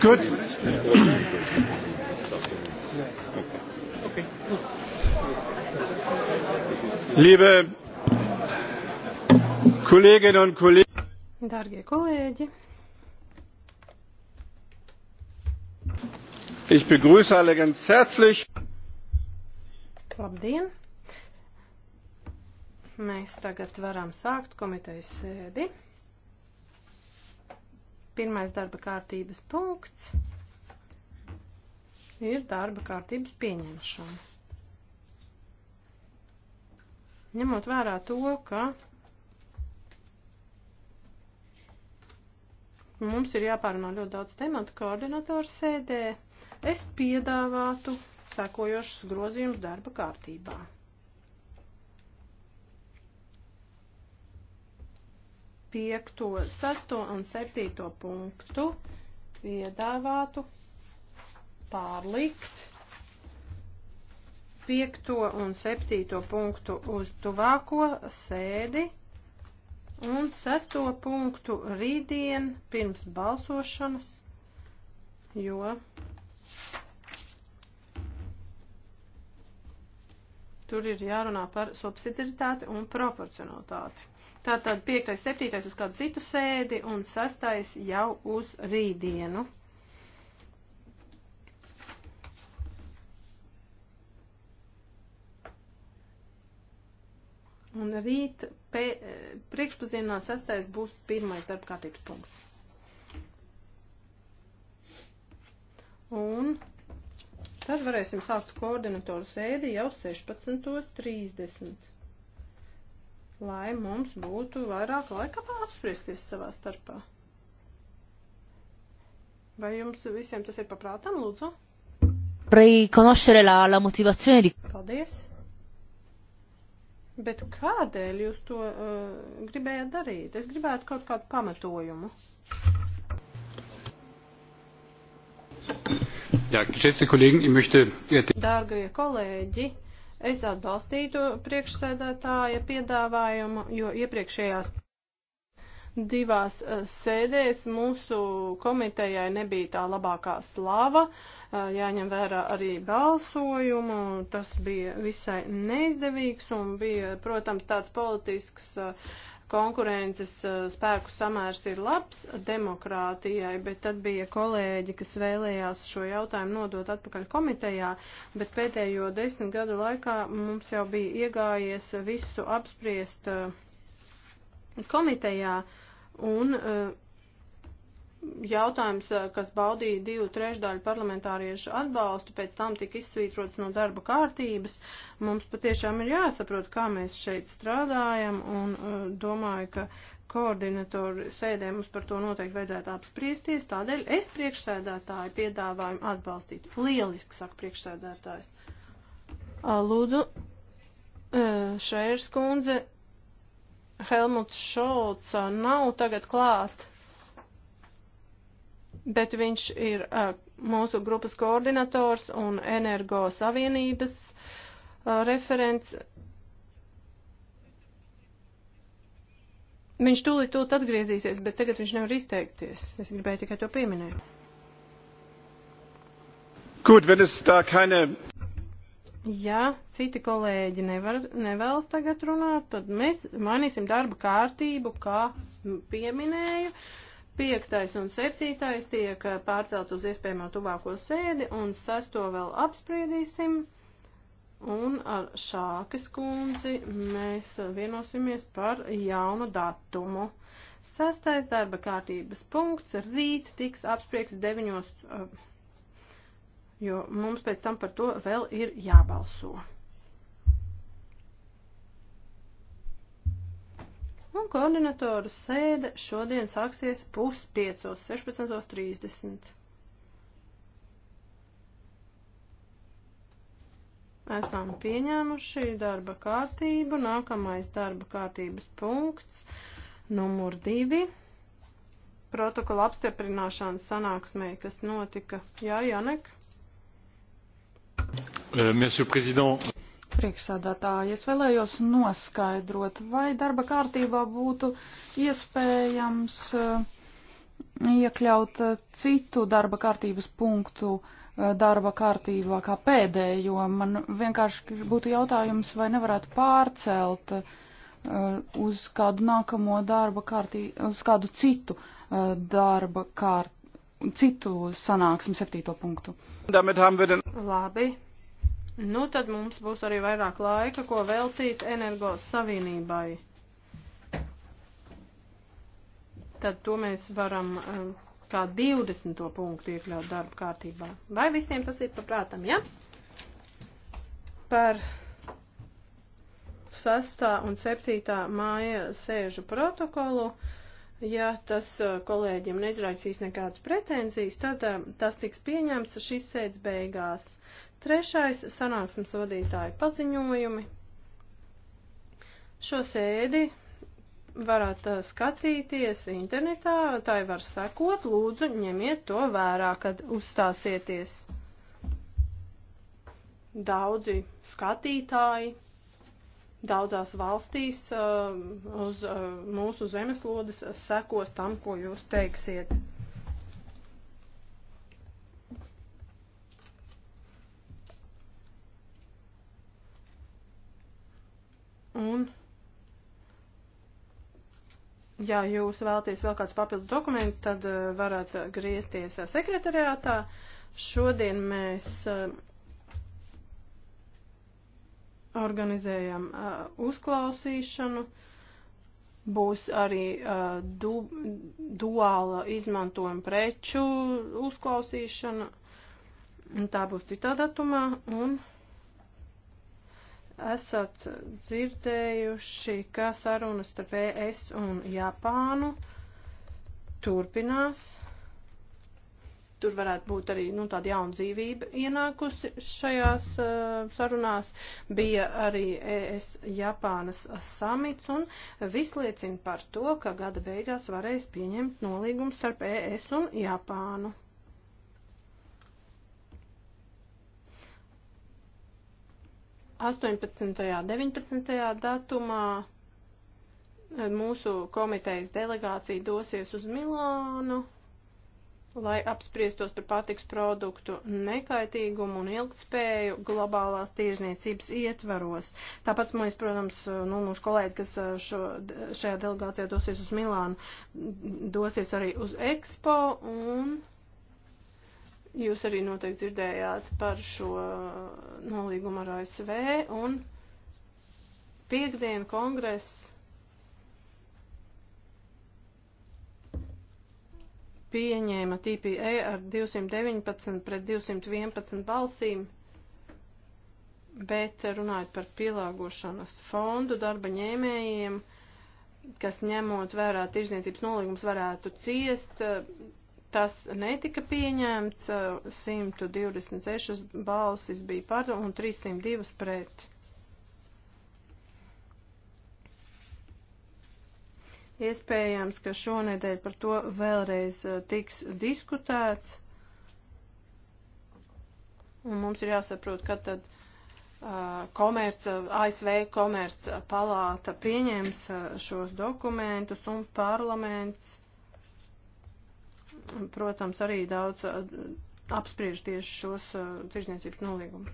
Good. Liebe Kolleginnen und Kollegen. Dargie kolēģi. Ich begrüße alle ganz herzlich. Labdien. Mēs tagad varam sākt komitejas sēdi. Pirmais darba kārtības punkts ir darba kārtības pieņemšana. Ņemot vērā to, ka mums ir jāpārunā ļoti daudz tematu koordinatoru sēdē, es piedāvātu sekojošus grozījumus darba kārtībā. 5, 6 un 7 punktu piedāvātu pārlikt 5 un 7 punktu uz tuvāko sēdi un 6 punktu rītdien pirms balsošanas, jo tur ir jārunā par subsidiaritāti un proporcionalitāti. Tātad 5. 7. uz kādu citu sēdi un 6. jau uz rītdienu. Un rīt pē, priekšpusdienā sastais būs pirmais darba kārtības punkts. Un tad varēsim sākt koordinatoru sēdi jau 16.30 lai mums būtu vairāk laika apspriesties savā starpā. Vai jums visiem tas ir paprātam, lūdzu? Prei conoscere la, la motivazione di... Paldies. Bet kādēļ jūs to uh, gribējāt darīt? Es gribētu kaut kādu pamatojumu. Jā, ja, geschätzte Kollegen, ich möchte... Dārgie kolēģi, uh, Es atbalstītu priekšsēdētāja piedāvājumu, jo iepriekšējās divās e, sēdēs mūsu komitejai nebija tā labākā slava, e, jāņem vērā arī balsojumu, tas bija visai neizdevīgs un bija, protams, tāds politisks uh, konkurences eh, spēku samērs ir labs demokrātijai, bet tad bija kolēģi, kas vēlējās šo jautājumu nodot atpakaļ komitejā, bet pēdējo desmit gadu laikā mums jau bija iegājies visu apspriest eh, komitejā un uh, jautājums, eh, kas baudīja divu trešdaļu parlamentāriešu atbalstu, pēc tam tika izsvītrots no darba kārtības. Mums patiešām ir jāsaprot, kā mēs šeit strādājam, un eh, domāju, ka koordinatoru sēdē mums par to noteikti vajadzētu apspriesties. Tādēļ es priekšsēdētāju piedāvājumu atbalstīt. Lieliski, saka priekšsēdētājs. Eh, lūdzu, Šērs kundze, Helmuts Šolca nav tagad klāt bet viņš ir uh, mūsu grupas koordinators un Energo Savienības uh, referents. Viņš tūlīt tūlīt atgriezīsies, bet tagad viņš nevar izteikties. Es gribēju tikai to pieminēt. Gut, wenn es da keine. Ja citi kolēģi nevar, nevēlas tagad runāt, tad mēs mainīsim darba kārtību, kā pieminēju. Uh, Piektais un septītais tiek eh, pārcelt uz iespējamo tuvāko sēdi, un sesto vēl apspriedīsim. Un ar šākas kundzi mēs vienosimies par jaunu datumu. Sastais darba kārtības punkts rīt tiks apsprieks deviņos, eh, jo mums pēc tam par to vēl ir jābalso. Un koordinatoru sēde šodien sāksies puspiecos 16.30. Esam pieņēmuši darba kārtību. Nākamais darba kārtības punkts numur divi protokola apstiprināšanas sanāksmē, kas notika. Jā, Janek. Euh, Monsieur Président. Priekšsādātāji, es vēlējos noskaidrot, vai darba kārtībā būtu iespējams eh, iekļaut eh, citu darba kārtības punktu eh, darba kārtībā kā pēdējo. Man vienkārši būtu jautājums, vai nevarētu pārcelt uz kādu nākamo darba kārtību, uz kādu citu darba kārtību citu sanāksmi septīto punktu. Labi, Nu, tad mums būs arī vairāk laika, ko veltīt energos savienībai. Tad to mēs varam eh, kā 20. punktu iekļaut darba kārtībā. Vai visiem tas ir paprātam, ja? Par 6. un 7. māja sēžu protokolu. Ja tas eh, kolēģiem neizraisīs nekādas pretenzijas, tad eh, tas tiks pieņemts šīs sēdes beigās. Trešais - sanāksmes vadītāja paziņojumi. Šo sēdi varat skatīties internetā, tai var sekot, lūdzu ņemiet to vērā, kad uzstāsieties. Daudzi skatītāji daudzās valstīs uz mūsu zemeslodes sekos tam, ko jūs teiksiet. Un, ja jūs vēlaties vēl kāds papildu dokumentu, tad eh, varat griezties eh, sekretariātā. Šodien mēs eh, organizējam uzklausīšanu. Būs arī du, duāla izmantojuma preču uzklausīšana. Tā būs citā datumā. Un esat dzirdējuši, ka sarunas starp ES un Japānu turpinās. Tur varētu būt arī nu, tāda jauna dzīvība ienākusi šajās uh, sarunās. Bija arī ES Japānas samits un viss liecina par to, ka gada beigās varēs pieņemt nolīgumu starp ES un Japānu. 18. un 19. datumā eh, mūsu komitejas delegācija dosies uz Milānu, lai apspriestos par pārtiks produktu nekaitīgumu un ilgtspēju globālās tirzniecības ietvaros. Tāpat mēs, protams, nu, mūsu kolēģi, kas eh, šo, šajā delegācijā dosies uz Milānu, dosies arī uz Expo un. Jūs arī noteikti dzirdējāt par šo uh, nolīgumu ar ASV un piekdien kongress pieņēma TPA ar 219 pret 211 balsīm, bet runājot par pielāgošanas fondu darba ņēmējiem, kas ņemot vērā tirzniecības nolīgums varētu ciest, Tas netika pieņemts, 126 balsis bija par un 302 pret. Iespējams, ka šonedēļ par to vēlreiz tiks diskutēts. Un mums ir jāsaprot, ka tad uh, komerca, ASV komerca palāta pieņems uh, šos dokumentus un parlaments protams, arī daudz uh, apspriež tieši šos uh, tirzniecības nolīgumus.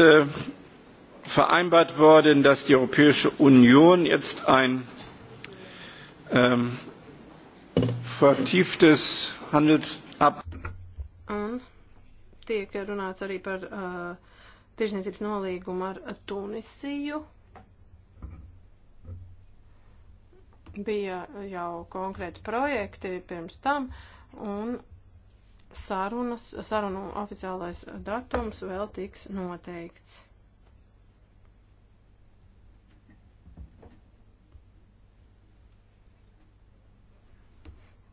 Äh, vereinbart worden, dass die Europäische Union jetzt ein ähm, vertieftes Handelsabkommen un tiek runāts arī par uh, tiešniecības nolīgumu ar Tunisiju. Bija jau konkrēti projekti pirms tam, un sarunas, sarunu oficiālais datums vēl tiks noteikts.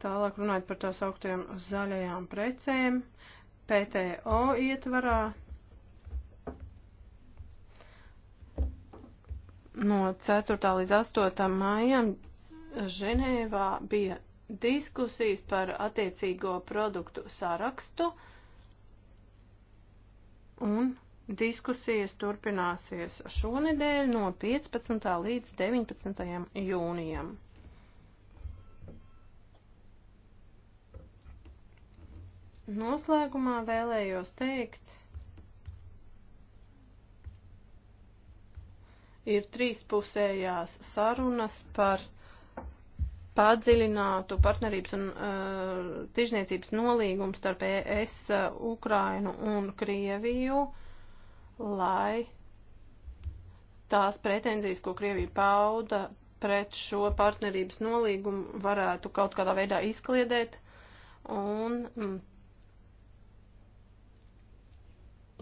Tālāk runājot par tās augtajām zaļajām precēm, PTO ietvarā no 4. līdz 8. maijam Ženēvā bija diskusijas par attiecīgo produktu sarakstu, un diskusijas turpināsies šonedēļ no 15. līdz 19. jūnijam. Noslēgumā vēlējos teikt, ir trīspusējās sarunas par padziļinātu partnerības un uh, tirzniecības nolīgumu starp ES, uh, eh, Ukrainu un Krieviju, lai tās pretenzijas, ko Krievija pauda pret šo partnerības nolīgumu, varētu kaut kādā veidā izkliedēt. Un mm,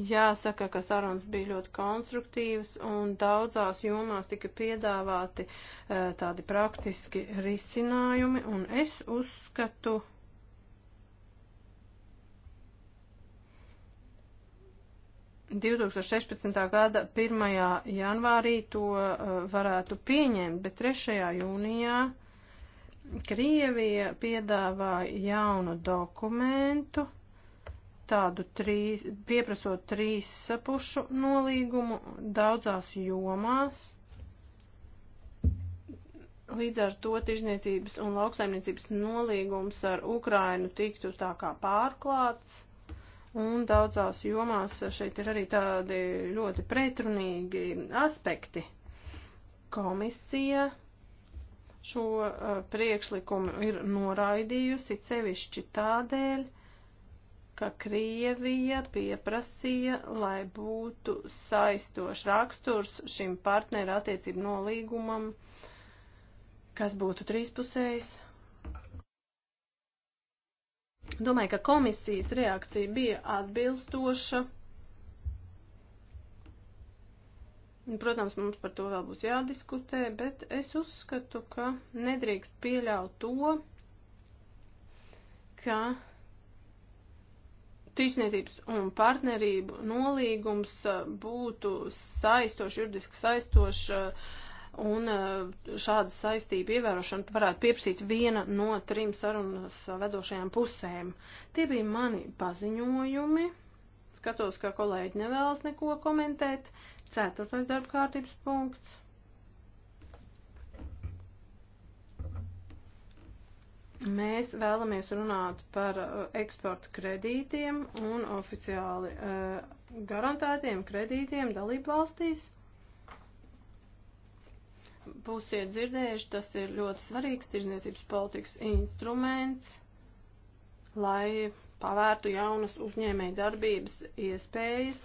Jāsaka, ka sarunas bija ļoti konstruktīvas un daudzās jomās tika piedāvāti e, tādi praktiski risinājumi, un es uzskatu, gada 1. janvārī to e, varētu pieņemt, bet 3. jūnijā Krievija piedāvāja jaunu dokumentu, tādu trīs, pieprasot trīs sapušu nolīgumu daudzās jomās. Līdz ar to tirzniecības un lauksaimniecības nolīgums ar Ukrainu tiktu tā kā pārklāts, un daudzās jomās šeit ir arī tādi ļoti pretrunīgi aspekti. Komisija šo eh, priekšlikumu ir noraidījusi sevišķi tādēļ, ka Krievija pieprasīja, lai būtu saistošs raksturs šim partneru attiecību nolīgumam, kas būtu trīspusējs. Domāju, ka komisijas reakcija bija atbilstoša. Protams, mums par to vēl būs jādiskutē, bet es uzskatu, ka nedrīkst pieļaut to, ka tīsniecības un partnerību nolīgums eh, būtu saistošs, juridiski saistošs, eh, un eh, šāda saistība ievērošana varētu pieprasīt viena no trim sarunas vedošajām pusēm. Tie bija mani paziņojumi. Skatos, ka kolēģi nevēlas neko komentēt. Ceturtais darba kārtības punkts. Mēs vēlamies runāt par uh, eksporta kredītiem un oficiāli uh, garantētiem kredītiem dalību valstīs. Būsiet dzirdējuši, tas ir ļoti svarīgs tirzniecības politikas instruments, lai pavērtu jaunas uzņēmēju darbības iespējas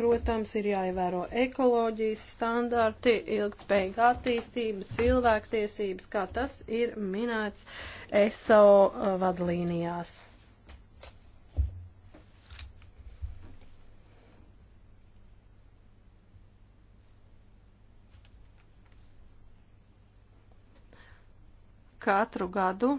protams, ir jāievēro ekoloģijas standarti, ilgtspējīga attīstība, cilvēktiesības, kā tas ir minēts ESO vadlīnijās. Katru gadu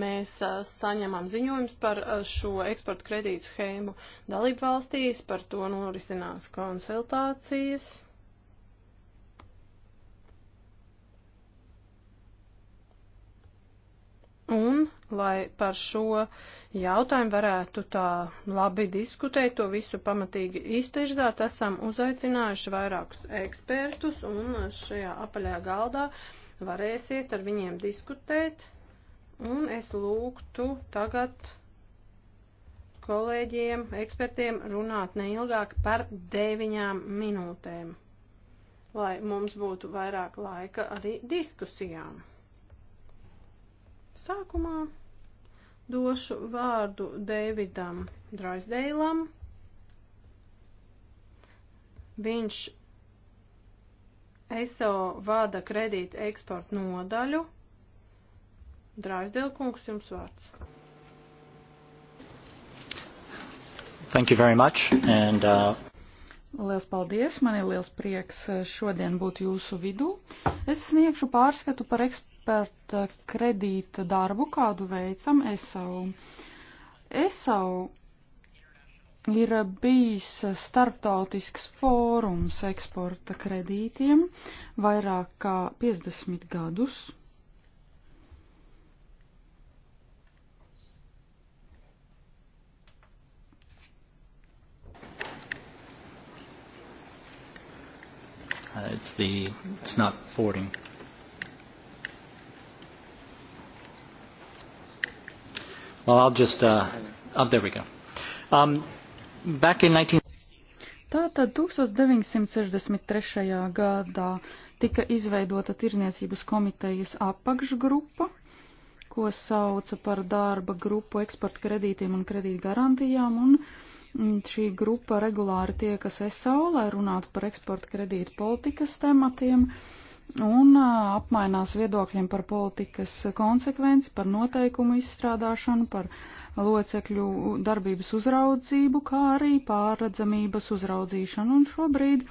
mēs saņemam ziņojums par šo eksporta kredītu schēmu dalību valstīs, par to norisinās konsultācijas. Un, lai par šo jautājumu varētu tā labi diskutēt, to visu pamatīgi iztežzāt, esam uzaicinājuši vairākus ekspertus, un šajā apaļā galdā varēsiet ar viņiem diskutēt. Un es lūgtu tagad kolēģiem, ekspertiem runāt neilgāk par deviņām minūtēm, lai mums būtu vairāk laika arī diskusijām. Sākumā došu vārdu Davidam Draisdeilam. Viņš ESO vada kredīta eksporta nodaļu Drāzdēlkungs, jums vārds. Thank you very much. And, uh... Liels paldies, man ir liels prieks uh, šodien būt jūsu vidū. Es sniegšu pārskatu par eksperta kredīta darbu, kādu veicam ESAU. ESAU ir bijis starptautisks fórums eksporta kredītiem vairāk kā 50 gadus. Uh, it's the it's not forwarding. Well, I'll just uh, oh, there we go. Um, back in 19. Tātad 1963. gadā tika izveidota Tirzniecības komitejas apakšgrupa, ko sauca par darba grupu eksporta kredītiem un kredīt garantijām, un uh, Šī grupa regulāri tiekas SAO, lai runātu par eksporta kredītu politikas tematiem un apmainās viedokļiem par politikas konsekvenci, par noteikumu izstrādāšanu, par locekļu darbības uzraudzību, kā arī pārredzamības uzraudzīšanu. Un šobrīd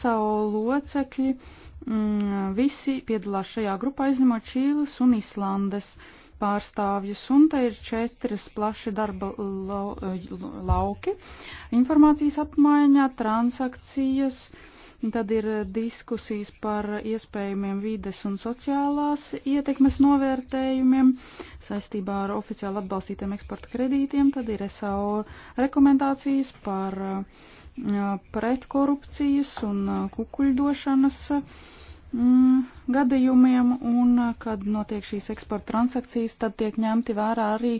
SAO locekļi mm, visi piedalās šajā grupā, izņemot Čīles un Islandes. Uh, pārstāvjus, un te ir četras plaši darba eh, lauki - informācijas apmaiņā, transakcijas, tad ir diskusijas par iespējamiem vides un sociālās ietekmes novērtējumiem saistībā ar oficiāli atbalstītiem eksporta kredītiem, tad ir SAO rekomendācijas par eh, pretkorupcijas un eh, kukuļdošanas mm, gadījumiem, un uh, kad notiek šīs eksporta transakcijas, tad tiek ņemti vērā arī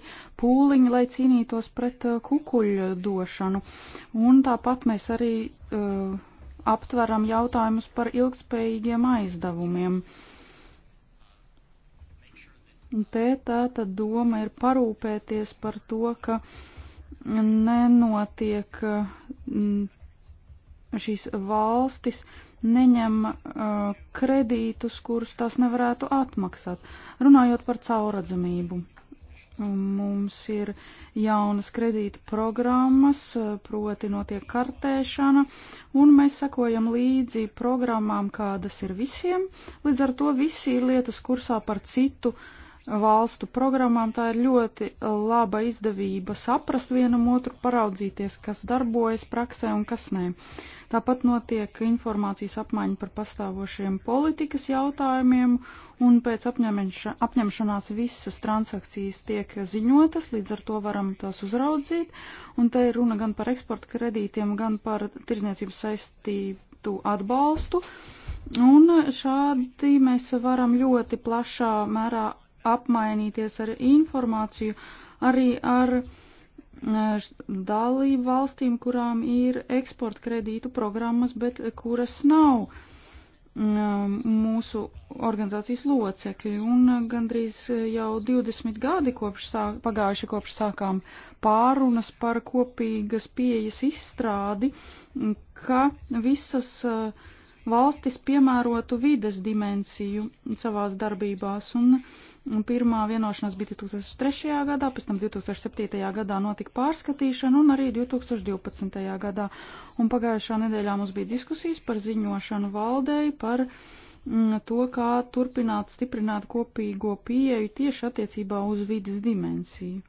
pūliņi, lai cīnītos pret uh, kukuļu došanu. Un tāpat mēs arī uh, aptveram jautājumus par ilgspējīgiem aizdevumiem. Te tā tad doma ir parūpēties par to, ka nenotiek mm, šīs valstis, uh, neņem uh, kredītus, kurus tās nevarētu atmaksāt. Runājot par cauradzamību, um, mums ir jaunas kredīta programmas, uh, proti notiek kartēšana, un mēs sekojam līdzi programmām, kādas ir visiem. Līdz ar to visi ir lietas kursā par citu uh, valstu programmām. Tā ir ļoti laba izdevība saprast vienam otru, paraudzīties, kas darbojas praksē un kas nē. Tāpat notiek informācijas apmaiņa par pastāvošiem politikas jautājumiem, un pēc apņemšanās visas transakcijas tiek ziņotas, līdz ar to varam tās uzraudzīt, un te ir runa gan par eksporta kredītiem, gan par tirzniecības saistītu atbalstu. Un šādi mēs varam ļoti plašā mērā apmainīties ar informāciju arī ar e, dalību valstīm, kurām ir eksporta kredītu programmas, bet kuras nav mūsu organizācijas locekļi. Un e, gandrīz e, jau 20 gadi kopš sāk, pagājuši kopš sākām pārunas par kopīgas pieejas izstrādi, ka visas uh, valstis piemērotu vides dimensiju savās darbībās. Un pirmā vienošanās bija 2003. gadā, pēc tam 2007. gadā notika pārskatīšana un arī 2012. gadā. Un pagājušā nedēļā mums bija diskusijas par ziņošanu valdei par mm, to, kā turpināt stiprināt kopīgo pieeju tieši attiecībā uz vidas dimensiju.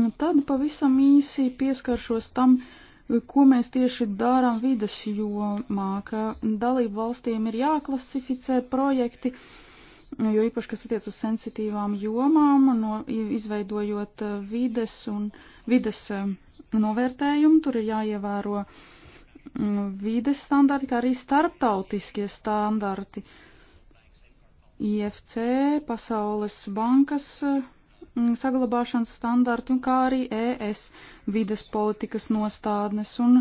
Nu, tad pavisam īsi pieskaršos tam, ko mēs tieši darām vidas jomā, ka dalību valstīm ir jāklasificē projekti, jo īpaši, kas attiec uz sensitīvām jomām, no, izveidojot eh, vides un vides eh, novērtējumu, tur ir jāievēro mm, vides standarti, kā arī starptautiskie standarti. IFC, Pasaules bankas eh, Mm, saglabāšanas standarti, un kā arī ES vides politikas nostādnes un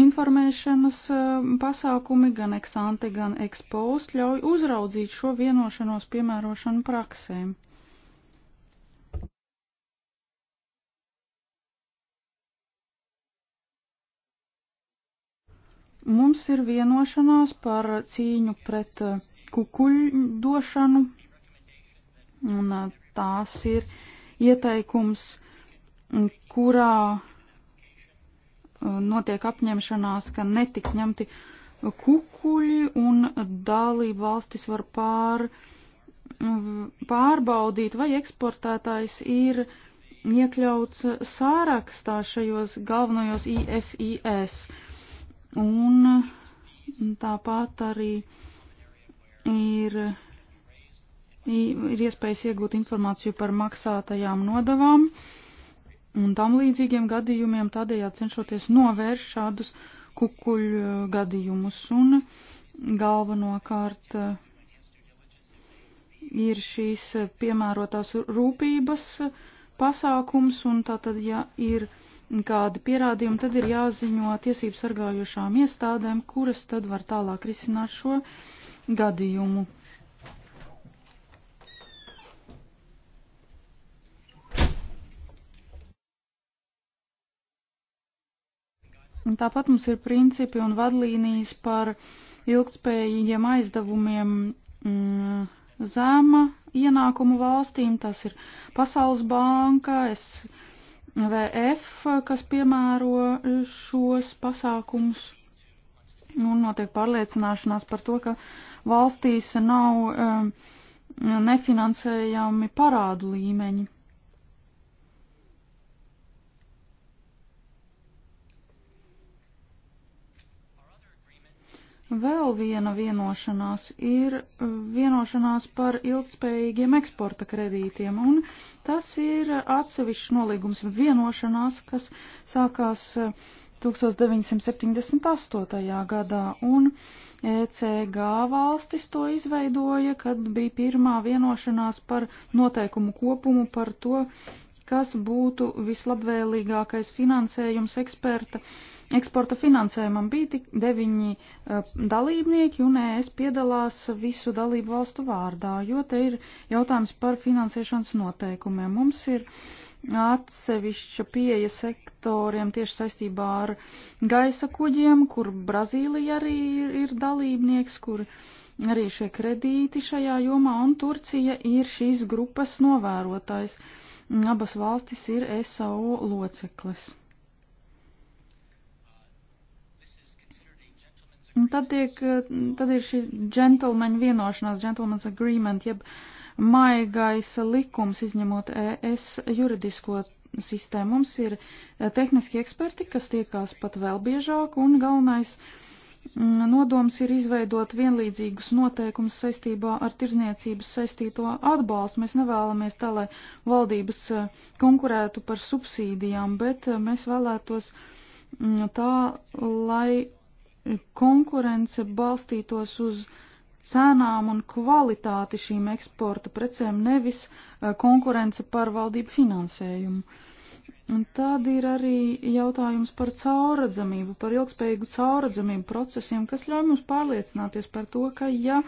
informēšanas mm, pasākumi gan eksante, gan ekspost ļauj uzraudzīt šo vienošanos piemērošanu praksēm. mums ir vienošanās par cīņu pret mm, kukuļdošanu, un tās ir ieteikums, kurā notiek apņemšanās, ka netiks ņemti kukuļi un dalība valstis var pār, pārbaudīt, vai eksportētājs ir iekļauts sārakstā šajos galvenajos IFIS. Un tāpat arī ir ir iespējas iegūt informāciju par maksātajām nodavām un tam līdzīgiem gadījumiem, tādējādi cenšoties novērst šādus kukuļu eh, gadījumus. Un galvenokārt eh, ir šīs piemērotās rūpības pasākums, un tātad, ja ir kādi pierādījumi, tad ir jāziņo tiesību sargājušām iestādēm, kuras tad var tālāk risināt šo gadījumu. Un tāpat mums ir principi un vadlīnijas par ilgspējīgiem aizdevumiem mm, zema ienākumu valstīm. Tas ir Pasaules banka, SVF, kas piemēro šos pasākumus. Un notiek pārliecināšanās par to, ka valstīs nav um, nefinansējami parādu līmeņi. Vēl viena vienošanās ir eh, vienošanās par ilgspējīgiem eksporta kredītiem, un tas ir atsevišķs nolīgums vienošanās, kas sākās 1978. Eh, gadā, un ECG valstis to izveidoja, kad bija pirmā vienošanās par noteikumu kopumu par to, kas būtu vislabvēlīgākais finansējums eksperta Eksporta finansējumam bija tik deviņi uh, dalībnieki, un es piedalās visu dalību valstu vārdā, jo te ir jautājums par finansēšanas noteikumiem. Mums ir atsevišķa pieeja sektoriem tieši saistībā ar gaisa kuģiem, kur Brazīlija arī ir, ir dalībnieks, kur arī šie kredīti šajā jomā, un Turcija ir šīs grupas novērotājs. Abas valstis ir SAO loceklis. Un tad, tiek, tad ir šī džentlmeņa vienošanās, džentlmeņa agreement, jeb maigais likums, izņemot ES juridisko sistēmu. Mums ir tehniski eksperti, kas tiekās pat vēl biežāk, un galvenais mm, nodoms ir izveidot vienlīdzīgus noteikumus saistībā ar tirzniecības saistīto atbalstu. Mēs nevēlamies tā, lai valdības eh, konkurētu par subsīdijām, bet eh, mēs vēlētos mm, tā, lai konkurence balstītos uz cenām un kvalitāti šīm eksporta precēm, nevis eh, konkurence par valdību finansējumu. Un tad ir arī jautājums par cauradzamību, par ilgspējīgu cauradzamību procesiem, kas ļauj mums pārliecināties par to, ka ja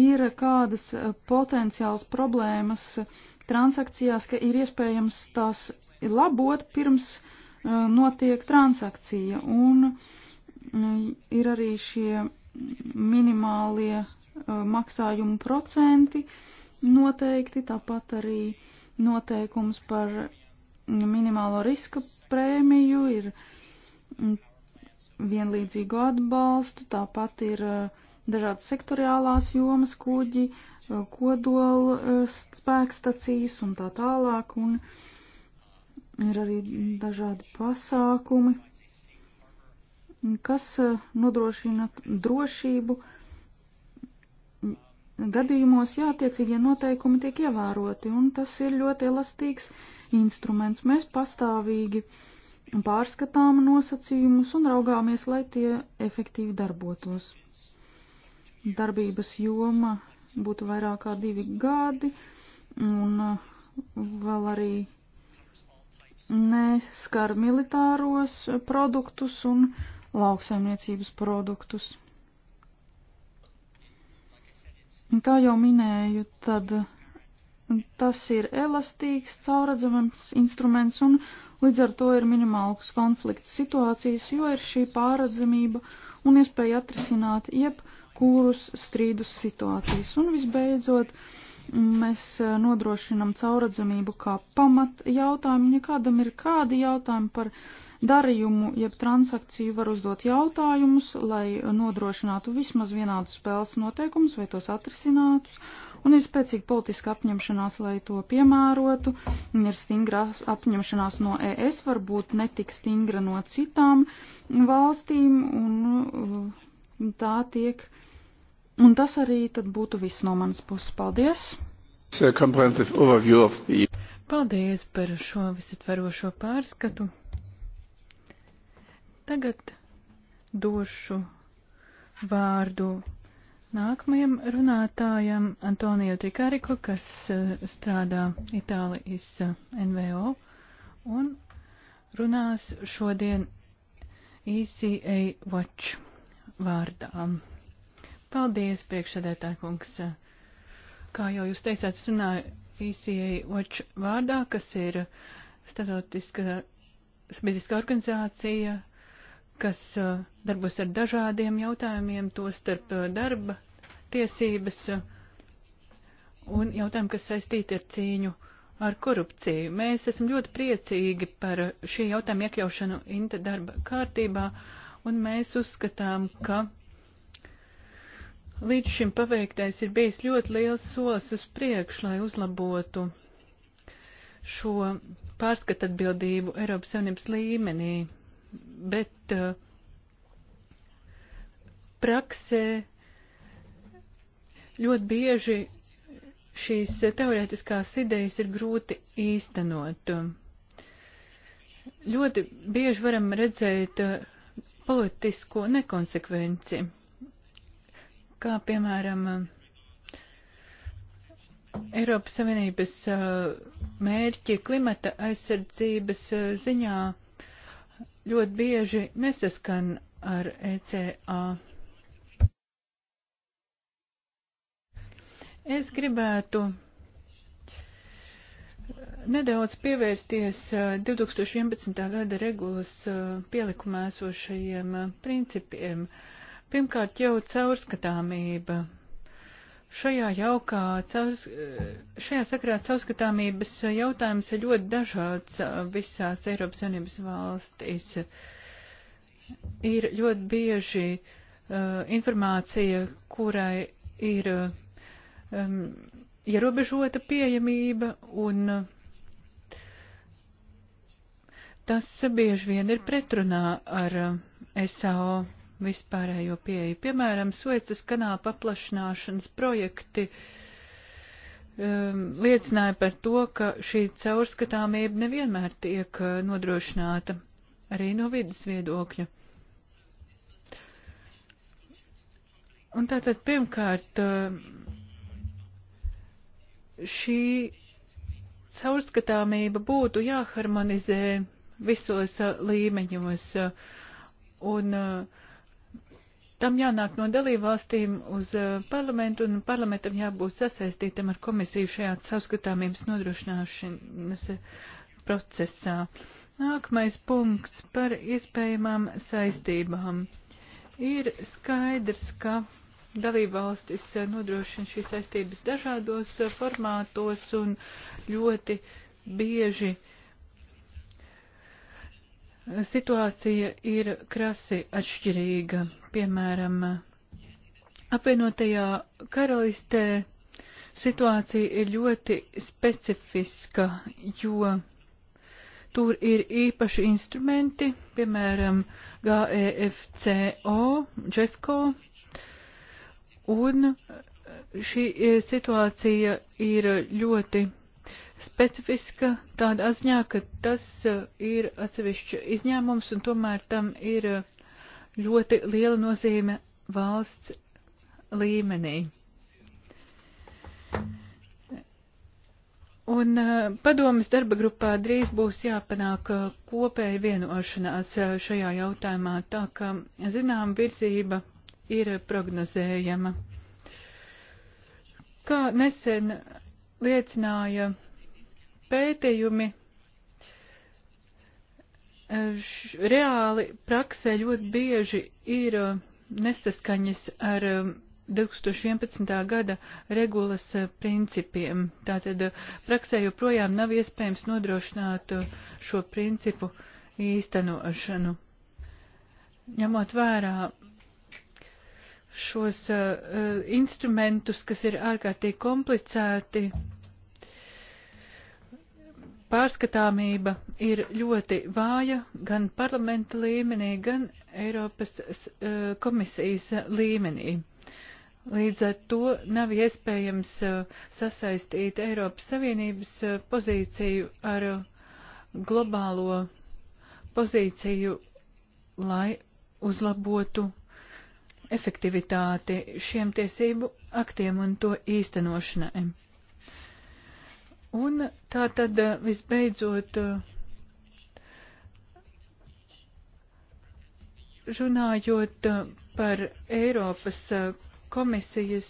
ir kādas eh, potenciāls problēmas eh, transakcijās, ka ir iespējams tās labot pirms notiek transakcija. Un uh, Nu, ir arī šie minimālie uh, maksājumu procenti noteikti, tāpat arī noteikums par minimālo riska prēmiju ir mm, vienlīdzīgu atbalstu, tāpat ir uh, dažādas sektoriālās jomas kuģi, uh, kodola spēkstacijas un tā tālāk, un ir arī dažādi pasākumi kas e, nodrošina drošību gadījumos, ja attiecīgie noteikumi tiek ievēroti, un tas ir ļoti elastīgs instruments. Mēs pastāvīgi pārskatām nosacījumus un raugāmies, lai tie efektīvi darbotos. Darbības joma būtu vairāk kā divi gadi, un e, vēl arī neskar militāros produktus un lauksaimniecības produktus. Un kā jau minēju, tad tas ir elastīgs, caurredzams instruments un līdz ar to ir minimāls konflikts situācijas, jo ir šī pārredzamība un iespēja atrisināt jebkurus strīdus situācijas. Un visbeidzot, uh, mēs eh, nodrošinam cauradzamību kā pamat jautājumu. Ja kādam ir kādi jautājumi par darījumu, jeb transakciju, var uzdot jautājumus, lai nodrošinātu vismaz vienādus spēles noteikumus vai tos atrisinātus. Un ir spēcīga politiska apņemšanās, lai to piemērotu. Un ir stingra apņemšanās no ES, varbūt netik stingra no citām valstīm. Un eh, tā tiek uh, Un tas arī tad būtu viss no manas puses. Paldies! Paldies par šo visatverošo pārskatu. Tagad došu vārdu nākamajam runātājam Antonio Trikariko, kas eh, strādā Itālijas eh, NVO un runās šodien ECA Watch vārdām. Paldies, priekšsēdētāj kungs. Kā jau jūs teicāt, es runāju ECA Watch vārdā, kas ir starptautiska sabiedriskā organizācija, kas uh, darbos ar dažādiem jautājumiem, to starp uh, darba tiesības uh, un jautājumu, kas saistīti ar cīņu ar korupciju. Mēs esam ļoti priecīgi par šī jautājuma iekļaušanu Inta darba kārtībā, un mēs uzskatām, ka Līdz šim paveiktais ir bijis ļoti liels solis uz priekšu, lai uzlabotu šo pārskatu atbildību Eiropas Savienības līmenī, bet uh, praksē ļoti bieži šīs teorētiskās idejas ir grūti īstenot. Ļoti bieži varam redzēt uh, politisko nekonsekvenci kā piemēram Eiropas Savienības uh, mērķi klimata aizsardzības uh, ziņā ļoti bieži nesaskan ar ECA. Es gribētu uh, nedaudz pievērsties 2011. gada regulas pielikumā esošajiem principiem. Uh, Pirmkārt jau caurskatāmība. Šajā jaukā, caurs, šajā sakarā caurskatāmības jautājums ir ļoti dažāds uh, visās Eiropas Savienības valstīs. Ir ļoti bieži uh, informācija, kurai ir um, ierobežota pieejamība un uh, Tas bieži vien ir pretrunā ar uh, SAO vispārējo pieeju. Piemēram, Suecas kanāla paplašināšanas projekti um, liecināja par to, ka šī caurskatāmība nevienmēr tiek uh, nodrošināta arī no vidas viedokļa. Un tātad pirmkārt, uh, šī caurskatāmība būtu jāharmonizē visos uh, līmeņos. Un uh, Tam jānāk no dalībvalstīm uz eh, parlamentu, un parlamentam jābūt sasaistītam ar komisiju šajā savskatāmības nodrošināšanas eh, procesā. Nākamais punkts par iespējamām saistībām. Ir skaidrs, ka dalībvalstis eh, nodrošina šīs saistības dažādos formātos un ļoti bieži uh, Situācija ir krasi atšķirīga. Piemēram, apvienotajā karalistē situācija ir ļoti specifiska, jo tur ir īpaši instrumenti, piemēram, GEFCO, JEFCO, un šī e, situācija ir ļoti specifiska tādā ziņā, ka tas uh, ir atsevišķi izņēmums un tomēr tam ir uh, ļoti liela nozīme valsts līmenī. Un uh, padomas darba grupā drīz būs jāpanāk kopēja vienošanās šajā jautājumā, tā ka, zinām, virzība ir prognozējama. Kā nesen liecināja pētījumi eh, š, reāli praksē ļoti bieži ir eh, nesaskaņas ar 2011. Eh, gada regulas principiem. Tātad praksē joprojām nav iespējams nodrošināt šo principu īstenošanu. Ņemot vērā šos uh, instrumentus, kas ir ārkārtīgi komplicēti, pārskatāmība ir ļoti vāja gan parlamenta līmenī, gan Eiropas e, komisijas līmenī. Līdz ar to nav iespējams e, sasaistīt Eiropas Savienības e, pozīciju ar globālo pozīciju, lai uzlabotu efektivitāti šiem tiesību aktiem un to īstenošanai. Un tā tad eh, visbeidzot eh, runājot eh, par Eiropas komisijas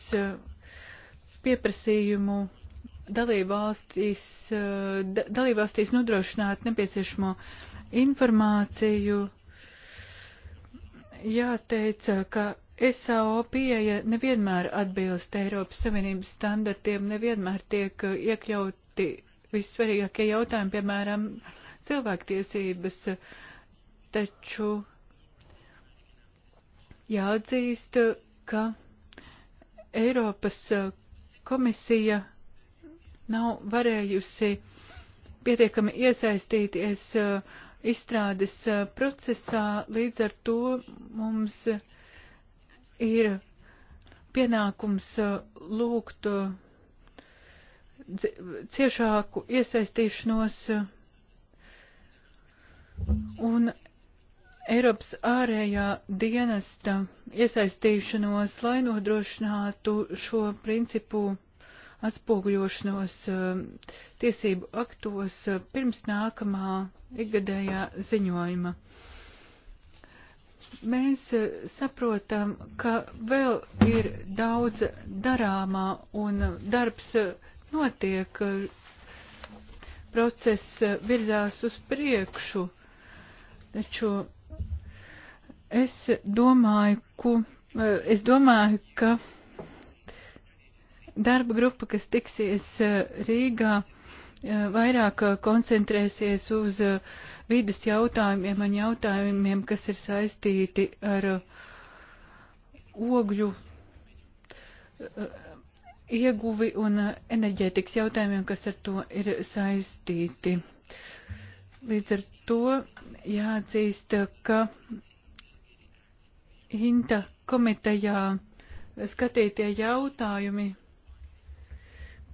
pieprasījumu dalībvalstīs, dalībvalstīs nodrošināt nepieciešamo informāciju, jāteica, ka SAO pieeja nevienmēr atbilst Eiropas Savienības standartiem, nevienmēr tiek iekļaut citi vissvarīgākie jautājumi, piemēram, cilvēktiesības, taču jāatzīst, ka Eiropas komisija nav varējusi pietiekami iesaistīties izstrādes procesā, līdz ar to mums ir pienākums lūgt ciešāku iesaistīšanos un Eiropas ārējā dienesta iesaistīšanos, lai nodrošinātu šo principu atspoguļošanos um, tiesību aktos uh, pirms nākamā ikgadējā ziņojuma mēs uh, saprotam, ka vēl ir daudz darāmā un darbs uh, notiek. Process virzās uz priekšu, taču es domāju, ku, es domāju, ka darba grupa, kas tiksies Rīgā, vairāk koncentrēsies uz vidas jautājumiem un jautājumiem, kas ir saistīti ar ogļu ieguvi un enerģētikas jautājumiem, kas ar to ir saistīti. Līdz ar to jāatzīst, ka Hinta komitejā skatītie jautājumi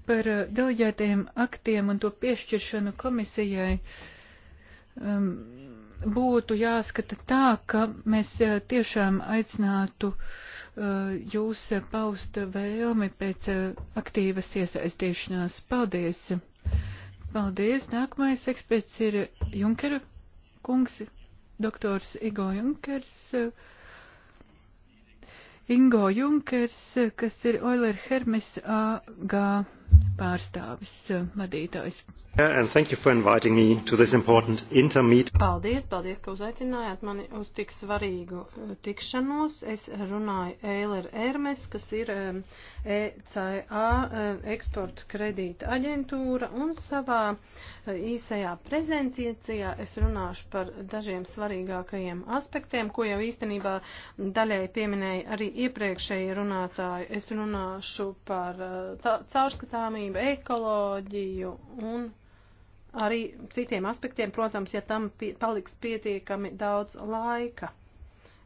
par deleģētajiem aktiem un to piešķiršanu komisijai um, būtu jāskata tā, ka mēs eh, tiešām aicinātu uh, jūs paust vēlmi pēc eh, aktīvas iesaistīšanās. Paldies! Paldies! Nākamais eksperts ir Junkera kungs, doktors Igo Junkers. Ingo Junkers, kas ir Euler Hermes AG pārstāvis, eh, vadītājs. Paldies, paldies, ka uzaicinājāt mani uz tik svarīgu eh, tikšanos. Es runāju Eiler Ermes, kas ir ECA eh, e eksporta kredīta aģentūra, un savā īsajā prezentācijā es runāšu par dažiem svarīgākajiem aspektiem, ko jau īstenībā daļai pieminēja arī iepriekšēji runātāji. Es runāšu par caurskatāmību savienību, ekoloģiju un arī citiem aspektiem, protams, ja tam pie, paliks pietiekami daudz laika.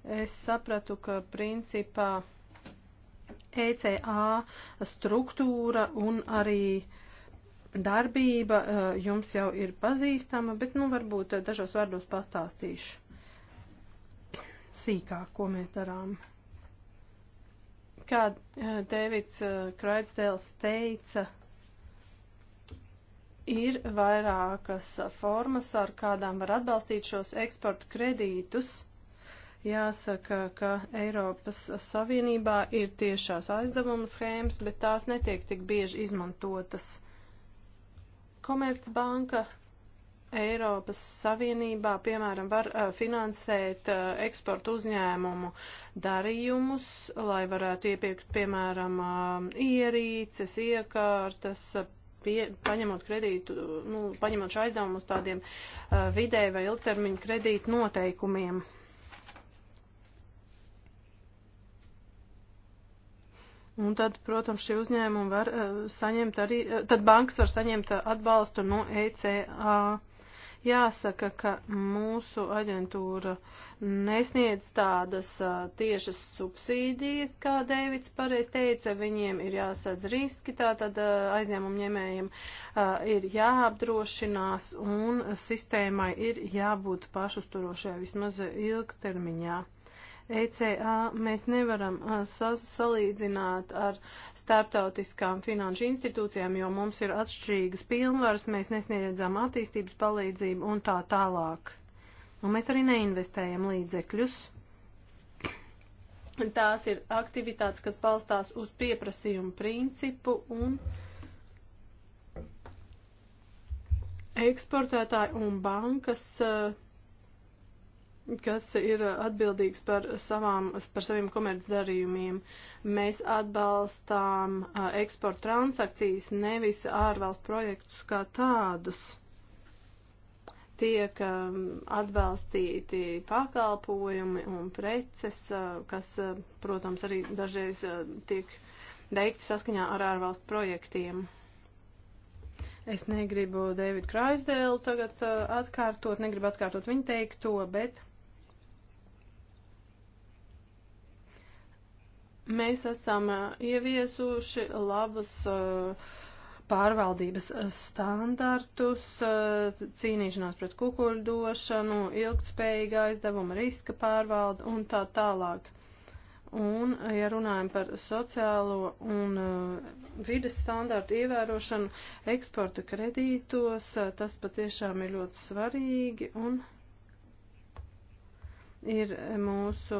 Es sapratu, ka principā ECA struktūra un arī darbība eh, jums jau ir pazīstama, bet nu varbūt eh, dažos vārdos pastāstīšu sīkāk, ko mēs darām. Kā eh, Dēvids Kraidsdēls teica, Ir vairākas formas, ar kādām var atbalstīt šos eksporta kredītus. Jāsaka, ka Eiropas Savienībā ir tiešās aizdevuma schēmas, bet tās netiek tik bieži izmantotas. Komercbanka Eiropas Savienībā, piemēram, var eh, finansēt eh, eksporta uzņēmumu darījumus, lai varētu iepirkt, piemēram, eh, ierīces, iekārtas, pie, paņemot kredītu, nu, paņemot šo aizdevumu uz tādiem uh, vidē vai ilgtermiņu kredītu noteikumiem. Un tad, protams, šī uzņēmuma var uh, saņemt arī, uh, tad bankas var saņemt uh, atbalstu no ECA. Uh, Jāsaka, ka mūsu aģentūra nesniedz tādas tiešas subsīdijas, kā Deivids pareiz teica, viņiem ir jāsadz riski, tātad aizņēmumu ņēmējiem ir jāapdrošinās un sistēmai ir jābūt pašusturošai vismaz ilgtermiņā. ECA mēs nevaram salīdzināt ar starptautiskām finanšu institūcijām, jo mums ir atšķirīgas pilnvaras, mēs nesniedzam attīstības palīdzību un tā tālāk. Un mēs arī neinvestējam līdzekļus. Tās ir aktivitātes, kas balstās uz pieprasījumu principu un eksportētāji un bankas uh, kas ir atbildīgs par, savām, par saviem komercdarījumiem. Mēs atbalstām eksporta transakcijas, nevis ārvalstu projektus kā tādus. Tiek atbalstīti pakalpojumi un preces, kas, protams, arī dažreiz tiek veikti saskaņā ar ārvalstu projektiem. Es negribu Davidu Kraisdēlu tagad atkārtot, negribu atkārtot viņu teikto, bet Mēs esam ieviesuši labas pārvaldības standartus, cīnīšanās pret kukuļdošanu, ilgtspējīga aizdevuma riska pārvalda un tā tālāk. Un, ja runājam par sociālo un uh, vides standārtu ievērošanu eksporta kredītos, uh, tas patiešām ir ļoti svarīgi un ir mūsu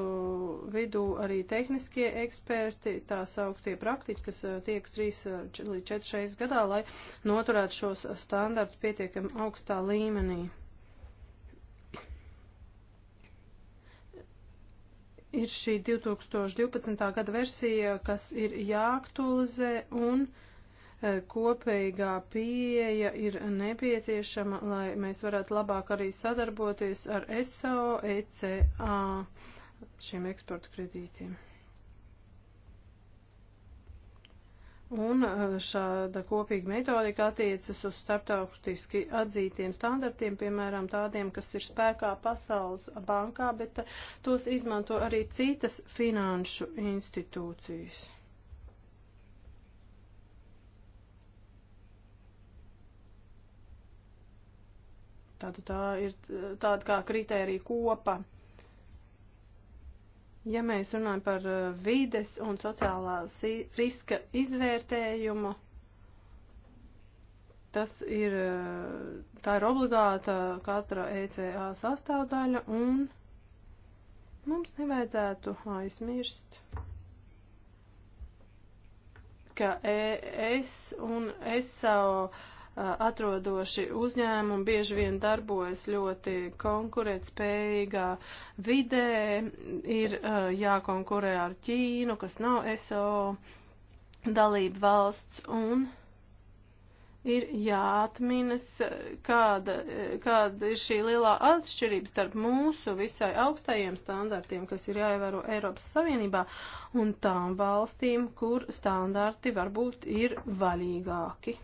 vidū arī tehniskie eksperti, tā sauktie praktiķi, kas eh, tieks 3 eh, līdz 4 šais gadā, lai noturētu šos standartus pietiekam augstā līmenī. Ir šī 2012. gada versija, kas ir jāaktualizē un uh, Eh, kopīgā pieeja ir nepieciešama, lai mēs varētu labāk arī sadarboties ar SAO, ECA šiem eksporta kredītiem. Un eh, šāda kopīga metodika attiecas uz starptautiski atzītiem standartiem, piemēram, tādiem, kas ir spēkā Pasaules bankā, bet eh, tos izmanto arī citas finanšu institūcijas. Tātad tā ir tāda kā kritērija kopa. Ja mēs runājam par eh, vides un sociālā riska izvērtējumu, tas ir, eh, tā ir obligāta katra ECA sastāvdaļa un mums nevajadzētu aizmirst, ka ES un SAO. Es atrodoši uzņēmumi bieži vien darbojas ļoti konkurētspējīgā vidē, ir jākonkurē ar Ķīnu, kas nav SO dalība valsts un ir jāatminas, kāda, kāda ir šī lielā atšķirība starp mūsu visai augstajiem standartiem, kas ir jāievēro Eiropas Savienībā, un tām valstīm, kur standarti varbūt ir vaļīgāki.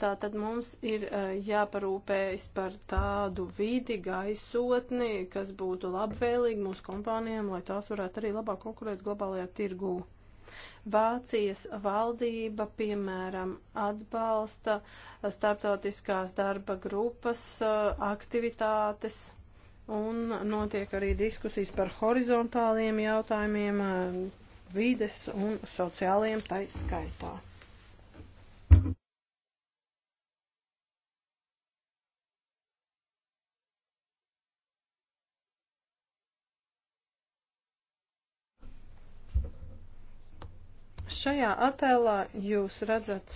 Tā tad mums ir e, jāparūpējas par tādu vidi, gaisotni, kas būtu labvēlīgi mūsu kompānijām, lai tās varētu arī labāk konkurēt globālajā tirgū. Vācijas valdība, piemēram, atbalsta starptautiskās darba grupas e, aktivitātes un notiek arī diskusijas par horizontāliem jautājumiem, e, vides un sociālajiem tai skaitā. Šajā attēlā jūs redzat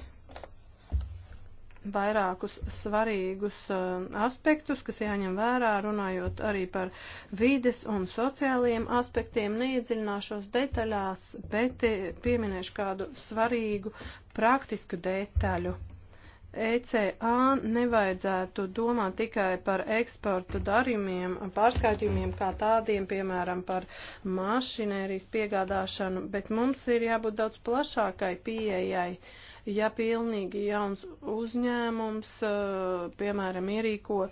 vairākus svarīgus uh, aspektus, kas jāņem vērā, runājot arī par vides un sociālajiem aspektiem. Neiedziļināšos detaļās, bet eh, pieminēšu kādu svarīgu praktisku detaļu. ECA nevajadzētu domāt tikai par eksportu darījumiem, pārskaitījumiem kā tādiem, piemēram, par mašinērijas piegādāšanu, bet mums ir jābūt daudz plašākai pieejai. Ja pilnīgi jauns uzņēmums, eh, piemēram, ierīko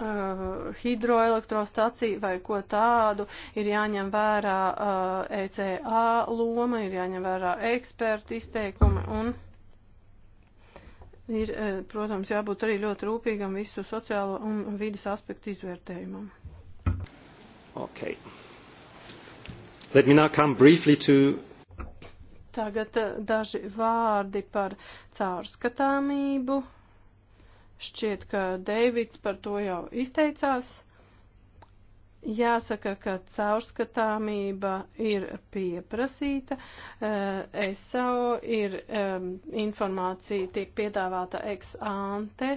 uh, eh, hidroelektrostaciju vai ko tādu, ir jāņem vērā uh, eh, ECA loma, ir jāņem vērā ekspertu izteikumi un ir, uh, protams, jābūt arī ļoti rūpīgam visu sociālo un vidas aspektu izvērtējumam. Okay. Let me now come briefly to Tagad daži vārdi par caurskatāmību, Šķiet, ka Deivids par to jau izteicās. Jāsaka, ka caurskatāmība ir pieprasīta, ESO eh, ir informācija tiek piedāvāta ex ante,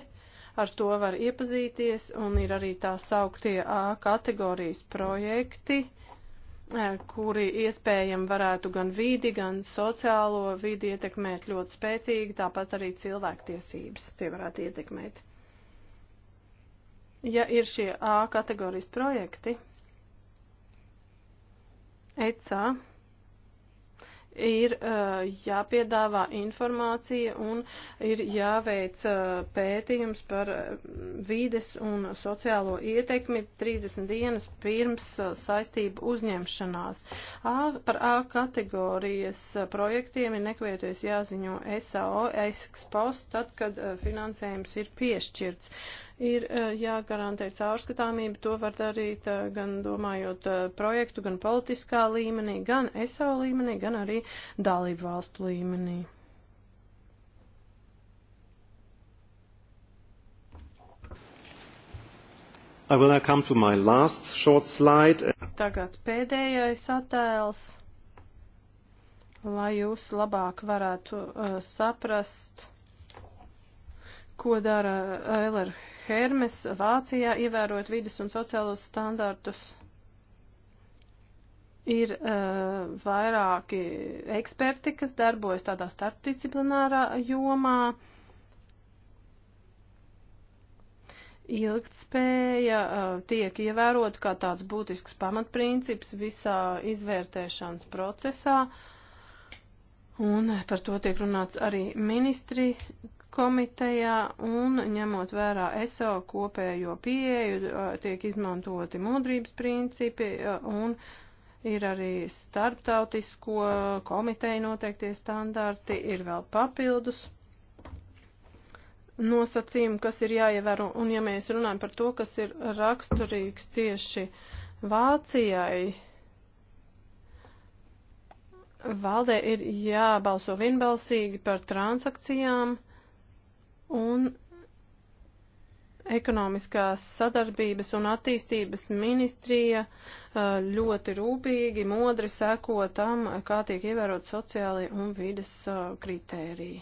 ar to var iepazīties, un ir arī tā sauktie A kategorijas projekti, E, kuri iespējami varētu gan vidi, gan sociālo vidi ietekmēt ļoti spēcīgi, tāpat arī cilvēktiesības tie varētu ietekmēt. Ja ir šie A kategorijas projekti, ECA ir uh, jāpiedāvā informācija un ir jāveic uh, pētījums par eh, vides un sociālo ietekmi 30 dienas pirms uh, saistību uzņemšanās. A, par A kategorijas projektiem ir nekvēties jāziņo SAO, ekspost, tad, kad uh, finansējums ir piešķirts. Uh, ir eh, jāgarantē caurskatāmība. To var darīt eh, gan domājot eh, projektu, gan politiskā līmenī, gan ESO līmenī, gan arī dalību valstu līmenī. I will now come to my last short slide. Tagad pēdējais attēls, lai jūs labāk varētu uh, saprast, ko dara LRH Hermes Vācijā, ievērot vidas un sociālos standartus. Ir uh, vairāki eksperti, kas darbojas tādā starpdisciplinārā jomā. Ilgtspēja uh, tiek ievērota kā tāds būtisks pamatprincips visā izvērtēšanas procesā, un par to tiek runāts arī ministri komitejā un ņemot vērā ESO kopējo pieeju, tiek izmantoti modrības principi un ir arī starptautisko komiteju noteiktie standarti, ir vēl papildus nosacījumi, kas ir jāievēro. Un ja mēs runājam par to, kas ir raksturīgs tieši Vācijai, valdē ir jābalso vienbalsīgi par transakcijām un ekonomiskās sadarbības un attīstības ministrija ļoti rūpīgi, modri seko tam, kā tiek ievērot sociālie un vides kritēriji.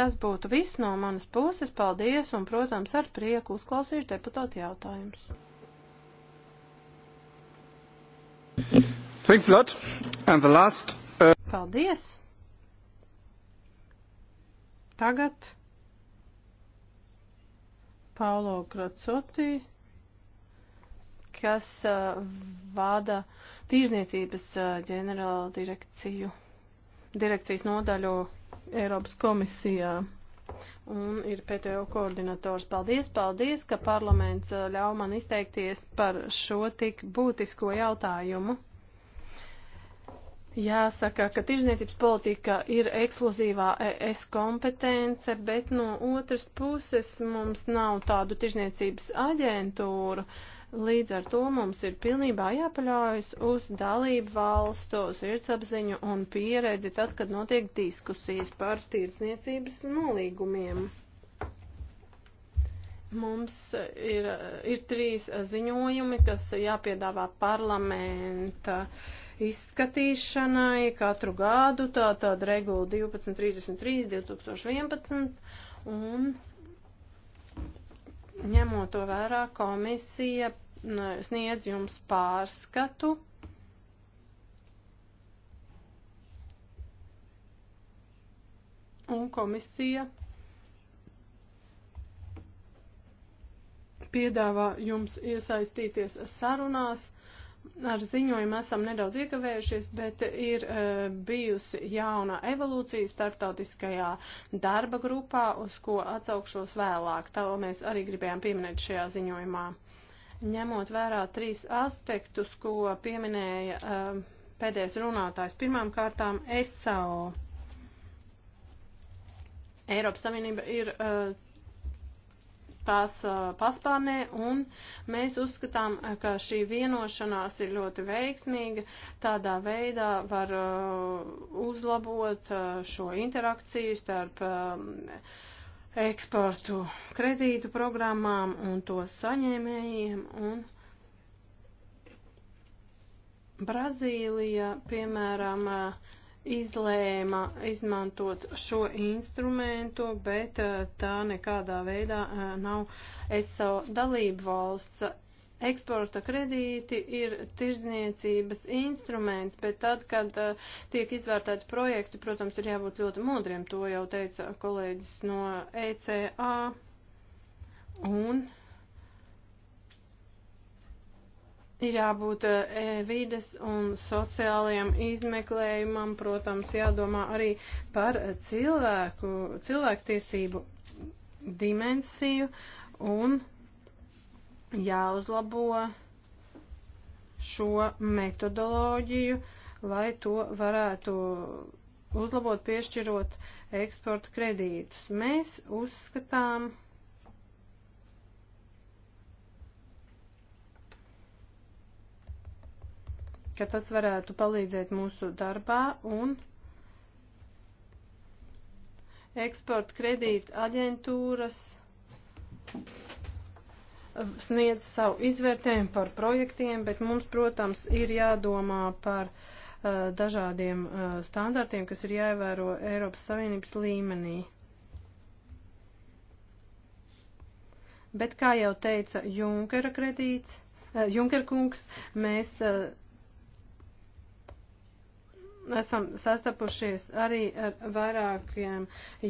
Tas būtu viss no manas puses. Paldies un, protams, ar prieku uzklausīšu deputātu jautājumus. Thanks a lot. And the last. Uh... Paldies. Tagad Paulo Krocotī, kas uh, vada tīrzniecības uh, ģenerāla direkciju, direkcijas nodaļu Eiropas komisijā un ir PTO koordinators. Paldies, paldies, ka parlaments uh, ļauj man izteikties par šo tik būtisko jautājumu. Jāsaka, ka tirzniecības politika ir ekskluzīvā ES kompetence, bet no otras puses mums nav tādu tirzniecības aģentūru. Līdz ar to mums ir pilnībā jāpaļaujas uz dalību valstu sirdsapziņu un pieredzi tad, kad notiek diskusijas par tirzniecības nolīgumiem. Mums ir, ir trīs ziņojumi, kas jāpiedāvā parlamenta. Uh, izskatīšanai katru gadu, tā tāda regula 1233 2011, un ņemot to vērā, komisija sniedz jums pārskatu. Un komisija piedāvā jums iesaistīties sarunās ar ziņojumu esam nedaudz iekavējušies, bet ir e, bijusi jauna evolūcija starptautiskajā darba grupā, uz ko atsaukšos vēlāk. Tā mēs arī gribējām pieminēt šajā ziņojumā. Ņemot vērā trīs aspektus, ko pieminēja e, pēdējais runātājs. Pirmām kārtām SAO. Eiropas Savienība ir. E, tās paspārnē, un mēs uzskatām, ka šī vienošanās ir ļoti veiksmīga, tādā veidā var uzlabot šo interakciju starp eksportu kredītu programmām un to saņēmējiem, un Brazīlija, piemēram, uh, izlēma izmantot šo instrumentu, bet uh, tā nekādā veidā uh, nav ESO dalību valsts. Eksporta kredīti ir tirzniecības instruments, bet tad, kad uh, tiek izvērtēti projekti, protams, ir jābūt ļoti modriem, to jau teica kolēģis no ECA. Un Ir jābūt eh, vides un sociālajam izmeklējumam, protams, jādomā arī par cilvēku, cilvēktiesību dimensiju un jāuzlabo šo metodoloģiju, lai to varētu uzlabot, piešķirot eksporta kredītus. Mēs uzskatām, ka tas varētu palīdzēt mūsu darbā un eksporta kredīta aģentūras sniedz savu izvērtējumu par projektiem, bet mums, protams, ir jādomā par uh, dažādiem uh, standartiem, kas ir jāievēro Eiropas Savienības līmenī. Bet, kā jau teica Junkera kredīts, uh, Junker kungs, mēs uh, esam sastapušies arī ar vairākiem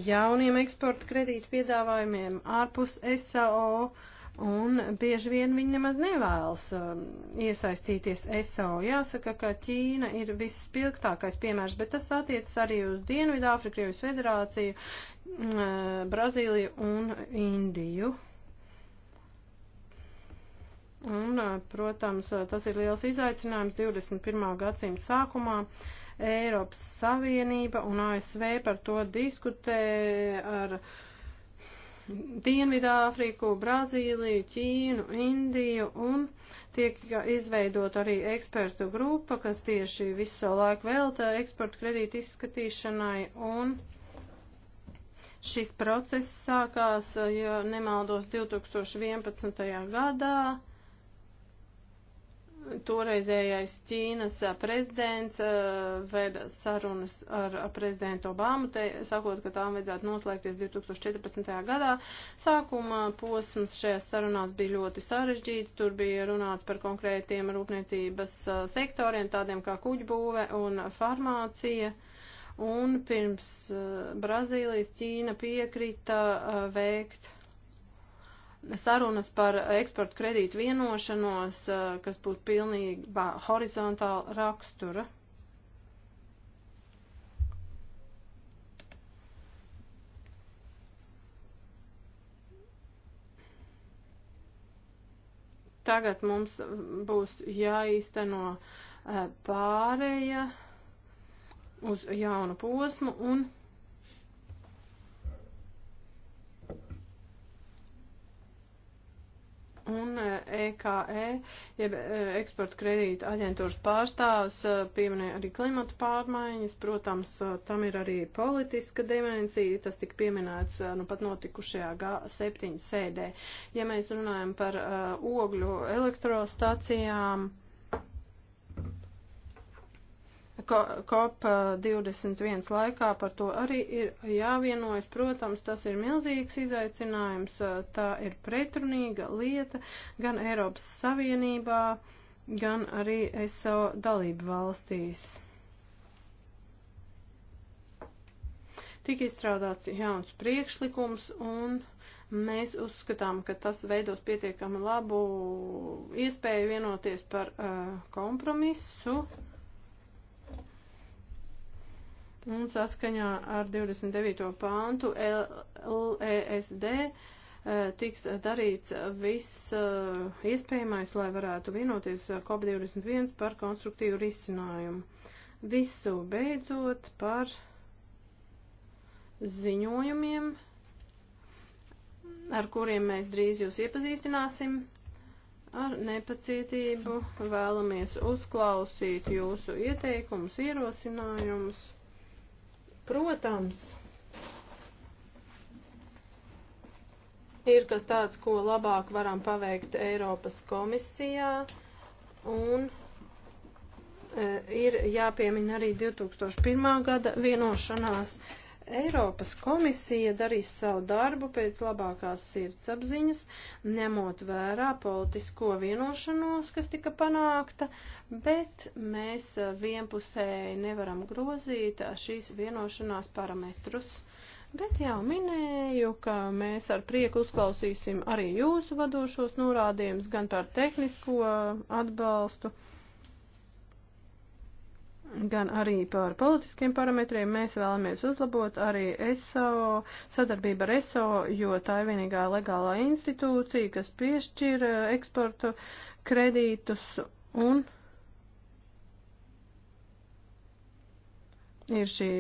jauniem eksporta kredītu piedāvājumiem ārpus SAO. Un bieži vien viņi nemaz nevēlas um, iesaistīties SAO. Jāsaka, ka Ķīna ir visspilgtākais piemērs, bet tas attiecas arī uz Dienvidāfriku, Krievijas federāciju, mm, uh, Brazīliju un Indiju. Un, uh, protams, uh, tas ir liels izaicinājums 21. gadsimta sākumā. Uh, Eiropas Savienība un ASV par to diskutē ar Dienvidāfriku, Brazīliju, Ķīnu, Indiju un tiek izveidot arī ekspertu grupa, kas tieši visu savu laiku veltē eksporta kredītu izskatīšanai un šis process sākās, ja nemaldos, 2011. gadā toreizējais Ķīnas prezidents veda sarunas ar prezidentu Obamu, te, sakot, ka tām vajadzētu noslēgties 2014. gadā. Sākuma posms šajās sarunās bija ļoti sarežģīts, tur bija runāts par konkrētiem rūpniecības sektoriem, tādiem kā kuģbūve un farmācija. Un pirms Brazīlijas Ķīna piekrita veikt sarunas par eksportu kredītu vienošanos, eh, kas būtu pilnībā horizontāla rakstura. Tagad mums būs jāīsteno eh, pārēja uz jaunu posmu un. un EKE, e e, jeb e, eksporta kredīta aģentūras pārstāvs, pieminēja arī klimata pārmaiņas, protams, tam ir arī politiska dimensija, tas tika pieminēts nu pat notikušajā G7 sēdē. Ja mēs runājam par uh, ogļu elektrostacijām, uh, COP21 laikā par to arī ir jāvienojas. Protams, tas ir milzīgs izaicinājums, tā ir pretrunīga lieta gan Eiropas Savienībā, gan arī ESO dalību valstīs. Tik izstrādāts jauns priekšlikums un mēs uzskatām, ka tas veidos pietiekami labu iespēju vienoties par uh, kompromisu. Uh, Un saskaņā ar 29. pāntu LESD eh, tiks darīts viss eh, iespējamais, lai varētu vienoties COP21 par konstruktīvu risinājumu. Visu beidzot par ziņojumiem, ar kuriem mēs drīz jūs iepazīstināsim. Ar nepacietību vēlamies uzklausīt jūsu ieteikumus, ierosinājumus. Protams, ir kas tāds, ko labāk varam paveikt Eiropas komisijā, un e, ir jāpiemina arī 2001. gada vienošanās. E, Eiropas komisija darīs savu darbu pēc labākās sirdsapziņas, ņemot vērā politisko vienošanos, kas tika panākta, bet mēs eh, vienpusēji nevaram grozīt eh, šīs vienošanās parametrus. Bet jau minēju, ka mēs ar prieku uzklausīsim arī jūsu vadošos norādījumus gan par tehnisko eh, atbalstu gan arī par politiskiem parametriem. Mēs vēlamies uzlabot arī ESO, sadarbību ar ESO, jo tā ir vienīgā legālā institūcija, kas piešķir eh, eksportu kredītus un ir šī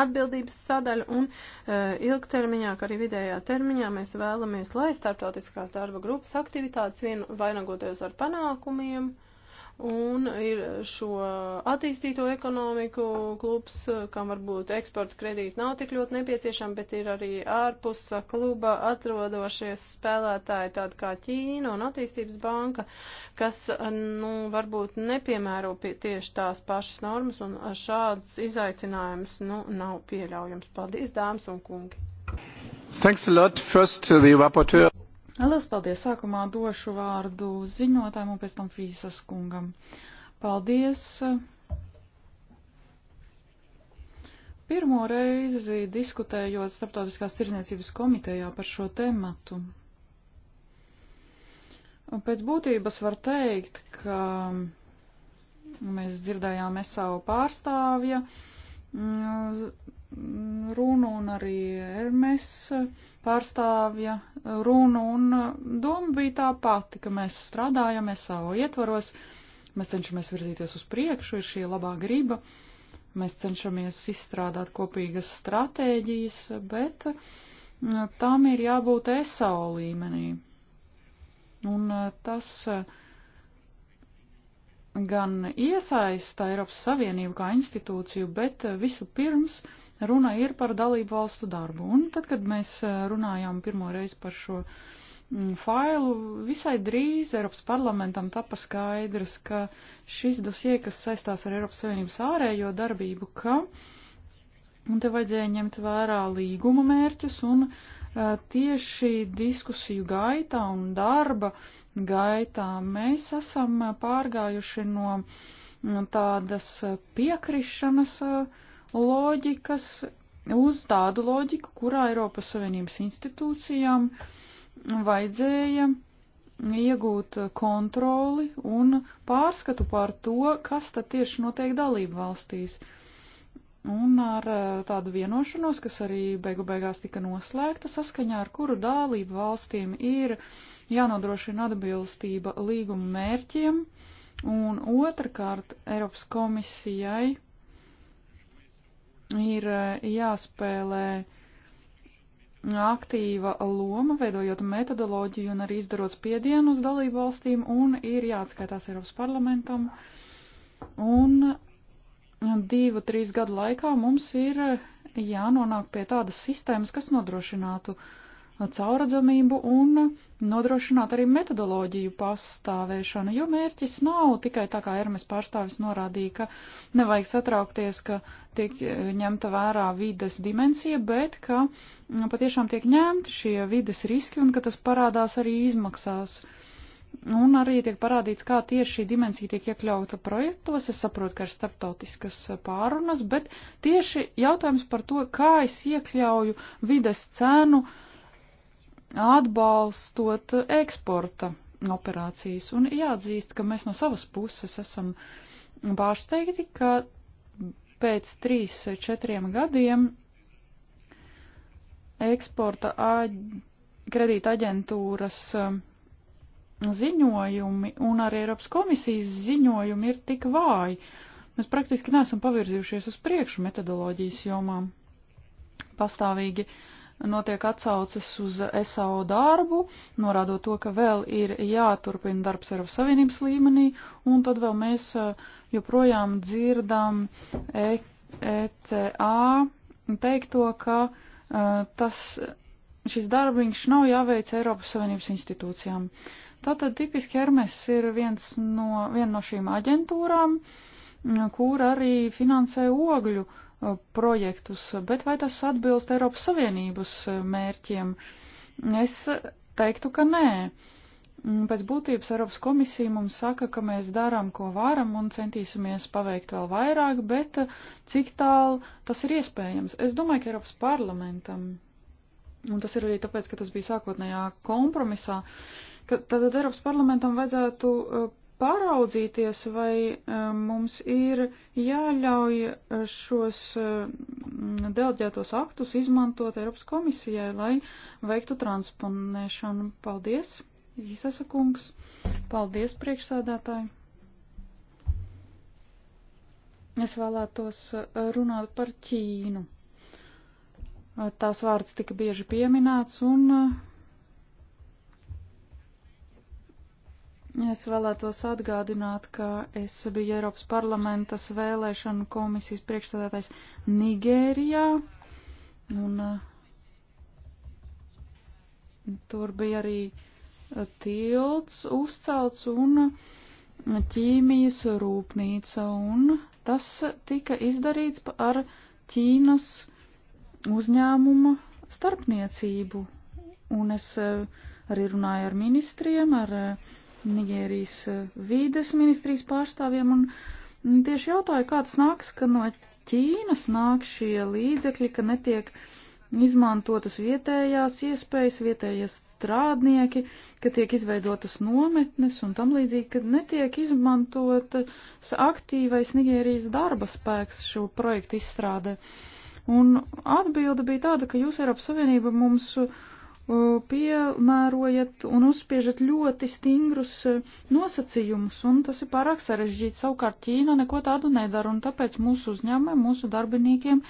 atbildības sadaļu un uh, ilgtermiņā, kā arī vidējā termiņā mēs vēlamies, lai starptautiskās darba grupas aktivitātes vien vainagoties ar panākumiem uh, un ir šo attīstīto ekonomiku klubs, kam varbūt eksporta kredīti nav tik ļoti nepieciešami, bet ir arī ārpus kluba atrodošies spēlētāji tādi kā Ķīna un attīstības banka, kas, nu, varbūt nepiemēro pie tieši tās pašas normas un šāds izaicinājums, nu, nav pieļaujams. Paldies, dāmas un kungi! Thanks a lot. First, the rapporteur. Lielas paldies! Sākumā došu vārdu ziņotājiem un pēc tam Fīsas kungam. Paldies! Pirmo reizi diskutējot Starptautiskās tirzniecības komitejā par šo tematu. Pēc būtības var teikt, ka mēs dzirdējām SAO pārstāvja mm, runu un arī Ermes pārstāvja runu un doma bija tā pati, ka mēs strādājamies savu ietvaros, mēs cenšamies virzīties uz priekšu, ir šī labā griba, mēs cenšamies izstrādāt kopīgas stratēģijas, bet mm, tam ir jābūt ESO līmenī. Un tas uh, gan iesaista Eiropas Savienību kā institūciju, bet eh, visu pirms runa ir par dalību valstu darbu. Un tad, kad mēs eh, runājām pirmo reizi par šo mm, failu, visai drīz Eiropas parlamentam tapa skaidrs, ka šis dosie, kas saistās ar Eiropas Savienības ārējo darbību, ka un te vajadzēja ņemt vērā līguma mērķus un Eh, tieši diskusiju gaitā un darba gaitā mēs esam pārgājuši no mm, tādas piekrišanas eh, loģikas uz tādu loģiku, kurā Eiropas Savienības institūcijām vajadzēja iegūt kontroli un pārskatu par to, kas tad tieši notiek dalību valstīs. Uh, Un ar eh, tādu vienošanos, kas arī beigu beigās tika noslēgta, saskaņā ar kuru dālību valstīm ir jānodrošina atbilstība līguma mērķiem, un otrkārt Eiropas komisijai ir eh, jāspēlē aktīva loma, veidojot metodoloģiju un arī izdarot spiedienu uz dalību valstīm, un ir jāatskaitās Eiropas parlamentam un divu, trīs gadu laikā mums ir eh, jānonāk pie tādas sistēmas, kas nodrošinātu eh, cauradzamību un eh, nodrošināt arī metodoloģiju pastāvēšanu, jo mērķis nav tikai tā kā Ermes pārstāvis norādīja, ka nevajag satraukties, ka tiek ņemta vērā vides dimensija, bet ka mm, patiešām tiek ņemti šie vides riski un ka tas parādās arī izmaksās. Uh, Un arī tiek parādīts, kā tieši šī dimensija tiek iekļauta projektos. Es saprotu, ka ir starptautiskas pārunas, bet tieši jautājums par to, kā es iekļauju vides cenu atbalstot eksporta operācijas. Un jāatzīst, ka mēs no savas puses esam pārsteigti, ka pēc 3-4 gadiem eksporta aģ kredīta aģentūras uh, ziņojumi un arī Eiropas komisijas ziņojumi ir tik vāji. Mēs praktiski neesam pavirzījušies uz priekšu metodoloģijas jomām. Pastāvīgi notiek atsaucas uz SAO darbu, norādot to, ka vēl ir jāturpina darbs Eiropas Savienības līmenī, un tad vēl mēs eh, joprojām dzirdam ECA e teikto, ka uh, tas, šis darbiņš nav jāveic Eiropas Savienības institūcijām. Uh, Tātad tipiski Hermes ir viens no, viena no šīm aģentūrām, mm, kur arī finansē ogļu e, projektus, bet vai tas atbilst Eiropas Savienības e, mērķiem? Es teiktu, ka nē. Mm, pēc būtības Eiropas komisija mums saka, ka mēs darām, ko varam un centīsimies paveikt vēl vairāk, bet e, cik tālu tas ir iespējams. Es domāju, ka Eiropas parlamentam, un tas ir arī tāpēc, ka tas bija sākotnējā kompromisā, uh, ka tad Eiropas parlamentam vajadzētu e, paraudzīties, vai e, mums ir jāļauj e, šos delģētos aktus izmantot Eiropas komisijai, lai veiktu transponēšanu. Paldies, Īsasakungs. Paldies, priekšsādātāji. Es vēlētos runāt par Ķīnu. Tās vārds tika bieži pieminēts un Es vēlētos atgādināt, ka es biju Eiropas parlamentas vēlēšanu komisijas priekšstādātais Nigērijā, un uh, tur bija arī uh, tilts uzcelts un uh, ķīmijas rūpnīca, un tas tika izdarīts ar Ķīnas uzņēmuma starpniecību, un es arī runāju ar ministriem, ar Nigērijas eh, vīdes ministrijas pārstāvjiem un mm, tieši jautāju, kā tas nāks, ka no Ķīnas nāk šie līdzekļi, ka netiek izmantotas vietējās iespējas, vietējās strādnieki, ka tiek izveidotas nometnes un tam līdzīgi, ka netiek izmantotas aktīvais Nigērijas darba spēks šo projektu izstrādē. Un atbilde bija tāda, ka jūs Eiropas Savienība mums uh, Uh, piemērojat un uzspiežat ļoti stingrus uh, nosacījumus, un tas ir pārāk sarežģīti. Savukārt Ķīna neko tādu nedara, un tāpēc mūsu uzņēmumiem, mūsu darbiniekiem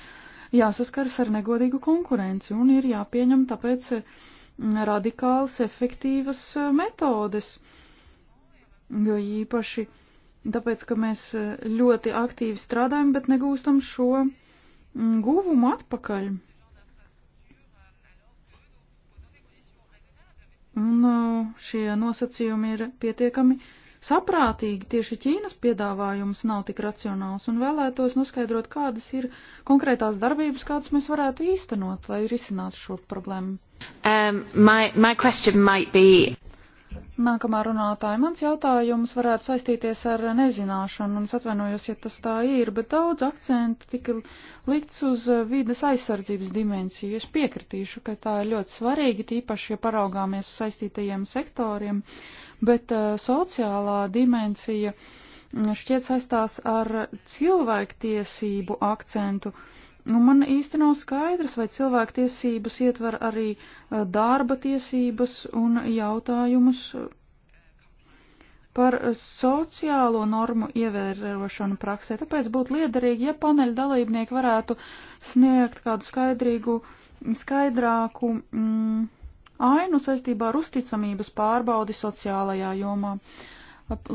jāsaskars ar negodīgu konkurenci, un ir jāpieņem tāpēc uh, radikāls, efektīvas metodes, jo īpaši tāpēc, ka mēs ļoti aktīvi strādājam, bet negūstam šo mm, guvumu atpakaļ. Un uh, šie nosacījumi ir pietiekami saprātīgi. Tieši Ķīnas piedāvājums nav tik racionāls un vēlētos noskaidrot, kādas ir konkrētās darbības, kādas mēs varētu īstenot, lai risinātu šo problēmu. Um, my, my Nākamā runātāja, mans jautājums varētu saistīties ar nezināšanu, un es atvainojos, ja tas tā ir, bet daudz akcentu tika likts uz vides aizsardzības dimensiju. Es piekritīšu, ka tā ir ļoti svarīga, tīpaši, ja paraugāmies uz saistītajiem sektoriem, bet uh, sociālā dimensija mm, šķiet saistās ar cilvēktiesību akcentu. Uh, Nu, man īsti nav skaidrs, vai cilvēktiesības ietver arī eh, darba tiesības un jautājumus eh, par eh, sociālo normu ievērošanu praksē. Tāpēc būtu liederīgi, ja paneļa dalībnieki varētu sniegt kādu skaidrīgu, skaidrāku mm, ainu saistībā ar uzticamības pārbaudi sociālajā jomā. Uh,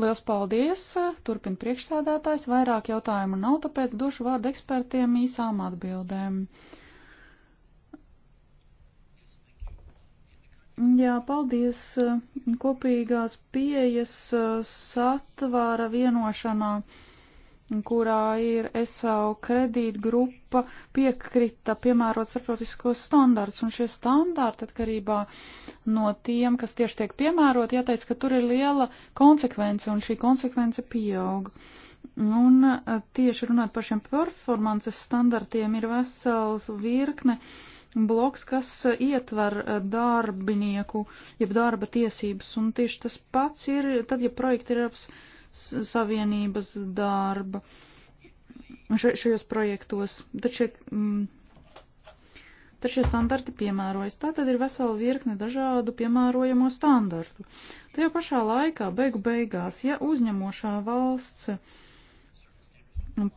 Liels paldies! Eh, Turpin priekšsēdētājs. Vairāk jautājumu nav, tāpēc došu vārdu ekspertiem īsām atbildēm. Jā, paldies. Kopīgās pieejas eh, satvāra vienošanā kurā ir SAO kredītgrupa piekrita piemērot starptautiskos standārts, un šie standārti atkarībā no tiem, kas tieši tiek piemērot, jāteic, ka tur ir liela konsekvence, un šī konsekvence pieaug. Un tieši runāt par šiem performances standartiem ir vesels virkne bloks, kas ietver darbinieku, jeb darba tiesības, un tieši tas pats ir, tad, ja projekti ir apsvērts, Savienības darba šajos projektos. Taču, mm, taču šie standarti piemērojas. Tā tad ir vesela virkne dažādu piemērojamo standartu. Tajā pašā laikā, beigu beigās, ja uzņemošā valsts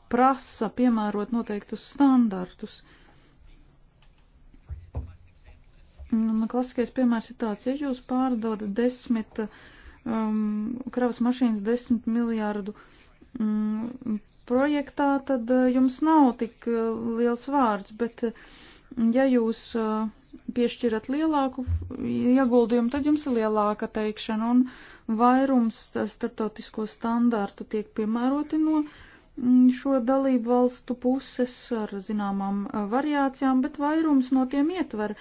prasa piemērot noteiktus standartus, Klasiskais piemērs ir tāds, ja jūs pārdodat desmit um, kravas mašīnas 10 miljārdu um, projektā, tad uh, jums nav tik uh, liels vārds, bet uh, ja jūs uh, piešķirat lielāku ieguldījumu, tad jums ir lielāka teikšana un vairums starptautisko standārtu tiek piemēroti no mm, šo dalību valstu puses ar zināmām uh, variācijām, bet vairums no tiem ietver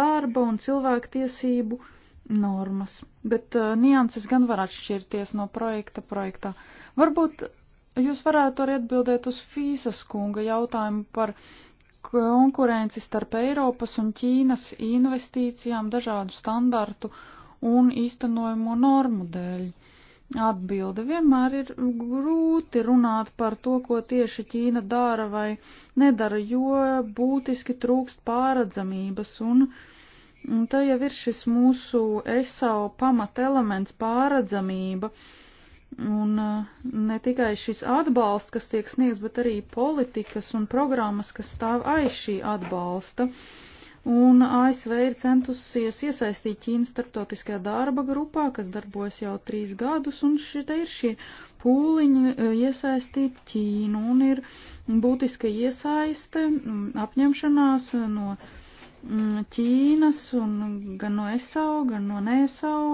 darba un cilvēku tiesību uh, normas, bet uh, nianses gan var atšķirties no projekta projektā. Varbūt jūs varētu arī atbildēt uz Fīsas kunga jautājumu par konkurenci starp Eiropas un Ķīnas investīcijām dažādu standartu un īstenojumu normu dēļ. Atbilde vienmēr ir grūti runāt par to, ko tieši Ķīna dara vai nedara, jo būtiski trūkst pāredzamības un uh, Un tā jau ir šis mūsu ESAU pamatelements pāredzamība. Un uh, ne tikai šis atbalsts, kas tiek sniegts, bet arī politikas un programmas, kas stāv aiz šī atbalsta. Un ASV ir centusies iesaistīt Ķīnu starptautiskajā darba grupā, kas darbojas jau trīs gadus, un šeit ir šie pūliņi uh, iesaistīt Ķīnu, un ir būtiska iesaiste, mm, apņemšanās uh, no. Uh, Mm, Ķīnas un gan no ESAU, gan no NESAU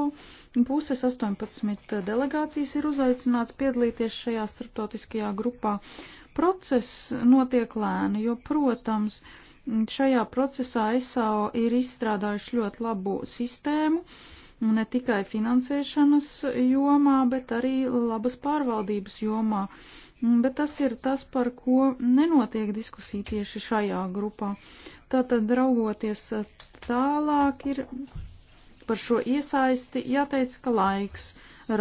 puses 18 delegācijas ir uzaicināts piedalīties šajā starptautiskajā grupā. Process notiek lēni, jo, protams, šajā procesā ESAU ir izstrādājuši ļoti labu sistēmu, ne tikai finansēšanas jomā, bet arī labas pārvaldības jomā. Uh, Mm, bet tas ir tas, par ko nenotiek diskusija tieši šajā grupā. Tātad, raugoties tālāk, ir par šo iesaisti jāteic, ka laiks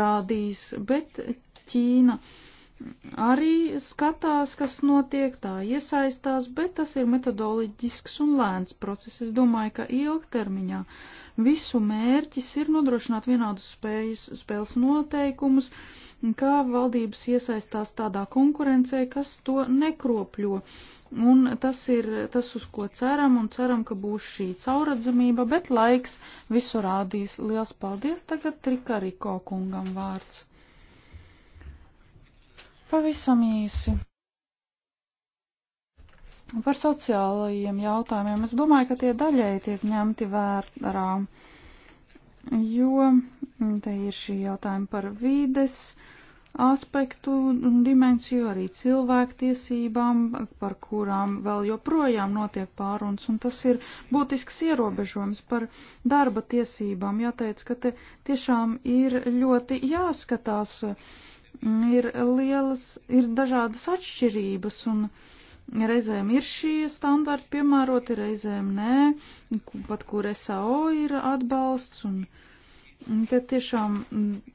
rādīs, bet Ķīna arī skatās, kas notiek, tā iesaistās, bet tas ir metodoloģisks un lēns process. Es domāju, ka ilgtermiņā visu mērķis ir nodrošināt vienādus spējas, spēles noteikumus, uh, kā valdības iesaistās tādā konkurencē, kas to nekropļo. Un tas ir tas, uz ko ceram, un ceram, ka būs šī cauradzamība, bet laiks visu rādīs. Liels paldies tagad Trikariko kungam vārds. Pavisam īsi. Par sociālajiem jautājumiem es domāju, ka tie daļai tiek ņemti vērā jo te ir šī jautājuma par vīdes aspektu un dimensiju, arī cilvēktiesībām, par kurām vēl joprojām notiek pārunas, un tas ir būtisks ierobežojums par darba tiesībām. Jāteic, ka te tiešām ir ļoti jāskatās, ir lielas, ir dažādas atšķirības, un Reizēm ir šie standarti piemēroti, reizēm nē, pat kur SAO ir atbalsts, un te tiešām mm,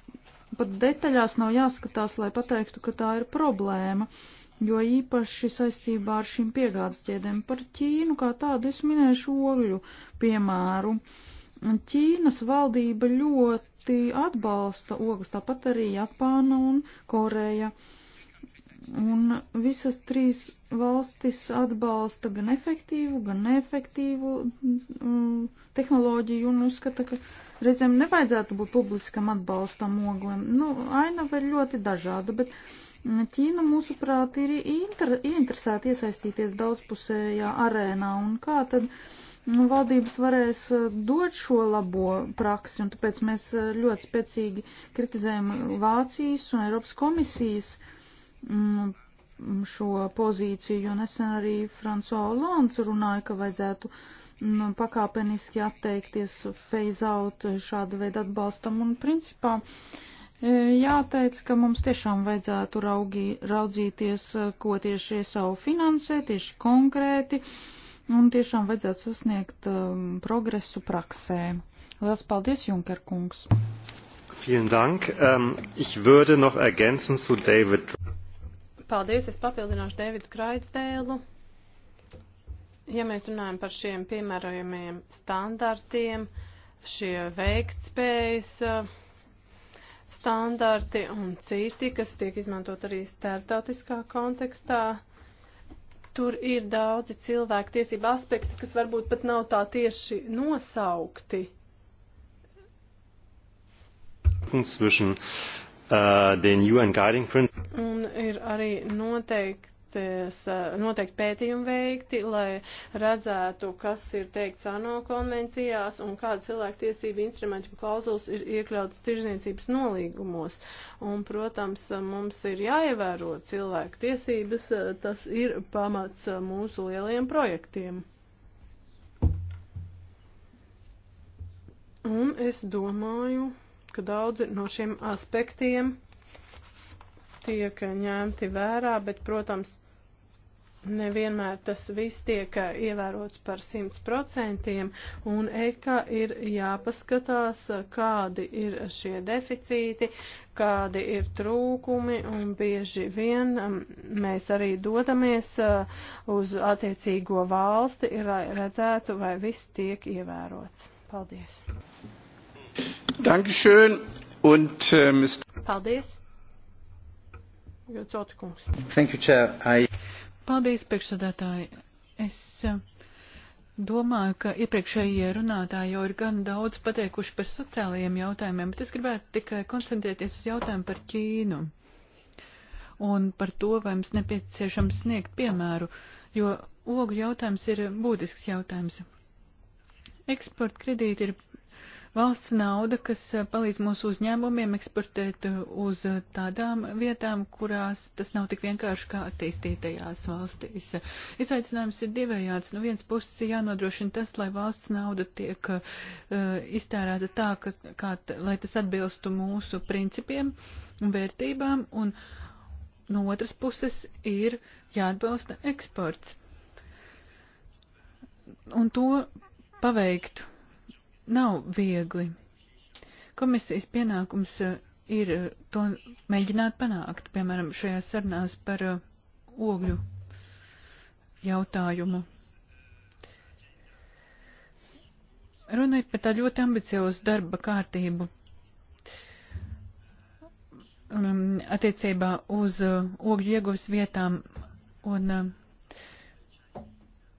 pat detaļās nav jāskatās, lai pateiktu, ka tā ir problēma, jo īpaši saistībā ar šīm piegādes ķēdēm par Ķīnu kā tādu es minēšu ogļu piemēru. Ķīnas valdība ļoti atbalsta ogas, tāpat arī Japāna un Koreja. Uh, Un visas trīs valstis atbalsta gan efektīvu, gan neefektīvu mm, tehnoloģiju un uzskata, ka reizēm nevajadzētu būt publiskam atbalstam ogliem. Nu, aina var ļoti dažāda, bet mm, Ķīna, mūsuprāt, ir inter, interesēta iesaistīties daudzpusējā arēnā un kā tad nu, valdības varēs eh, dot šo labo praksi, un tāpēc mēs eh, ļoti spēcīgi kritizējam Vācijas un Eiropas komisijas uh, Mm, šo pozīciju, un nesen arī François Hollande runāja, ka vajadzētu nu, pakāpeniski atteikties phase out šāda veida atbalstam, un principā e, jāteic, ka mums tiešām vajadzētu raugi, raudzīties, e, ko tieši savu finansē, tieši konkrēti, un tiešām vajadzētu sasniegt um, progresu praksē. Lielas paldies, Junker kungs! Vielen Dank. Ähm, ich würde noch ergänzen zu David. Paldies, es papildināšu Dēvidu Kraidstēlu. Ja mēs runājam par šiem piemērojumiem standartiem, šie veiktspējas eh, standarti un citi, kas tiek izmantot arī starptautiskā kontekstā, tur ir daudzi cilvēku tiesība aspekti, kas varbūt pat nav tā tieši nosaukti. Zwischen, uh, den UN guiding principles Un ir arī noteiktas, noteikti pētījumi veikti, lai redzētu, kas ir teikts ANO konvencijās un kāda cilvēktiesība instrumenti un klauzulas ir iekļautas tirzniecības nolīgumos. Un, protams, mums ir jāievēro cilvēku tiesības, tas ir pamats mūsu lielajiem projektiem. Un es domāju, ka daudzi no šiem aspektiem tiek ņemti vērā, bet, protams, nevienmēr tas viss tiek eh, ievērots par 100%, un EKA ir jāpaskatās, kādi ir šie deficīti, kādi ir trūkumi, un bieži vien mm, mēs arī dodamies eh, uz attiecīgo valsti, lai redzētu, vai viss tiek ievērots. Paldies! Dankeschön und, äh, Paldies! Jūtas kungs. Thank you, Chair. I... Paldies, priekšsādātāji. Es eh, domāju, ka iepriekšējie runātāji jau ir gan daudz pateikuši par sociālajiem jautājumiem, bet es gribētu tikai koncentrēties uz jautājumu par Ķīnu un par to, vai mums nepieciešams sniegt piemēru, jo ogu jautājums ir būtisks jautājums. Eksporta kredīti ir valsts nauda, kas eh, palīdz mūsu uzņēmumiem eksportēt eh, uz eh, tādām vietām, kurās tas nav tik vienkārši kā attīstītajās valstīs. Izaicinājums ir divējāds. No nu, vienas puses ir jānodrošina tas, lai valsts nauda tiek uh, iztērēta tā, ka, kā, lai tas atbilstu mūsu principiem un vērtībām, un no otras puses ir jāatbalsta eksports. Un to paveiktu nav viegli. Komisijas pienākums uh, ir uh, to mēģināt panākt, piemēram, šajās sarunās par uh, ogļu jautājumu. Runājot par tā ļoti ambiciozu darba kārtību um, attiecībā uz uh, ogļu ieguves vietām un uh,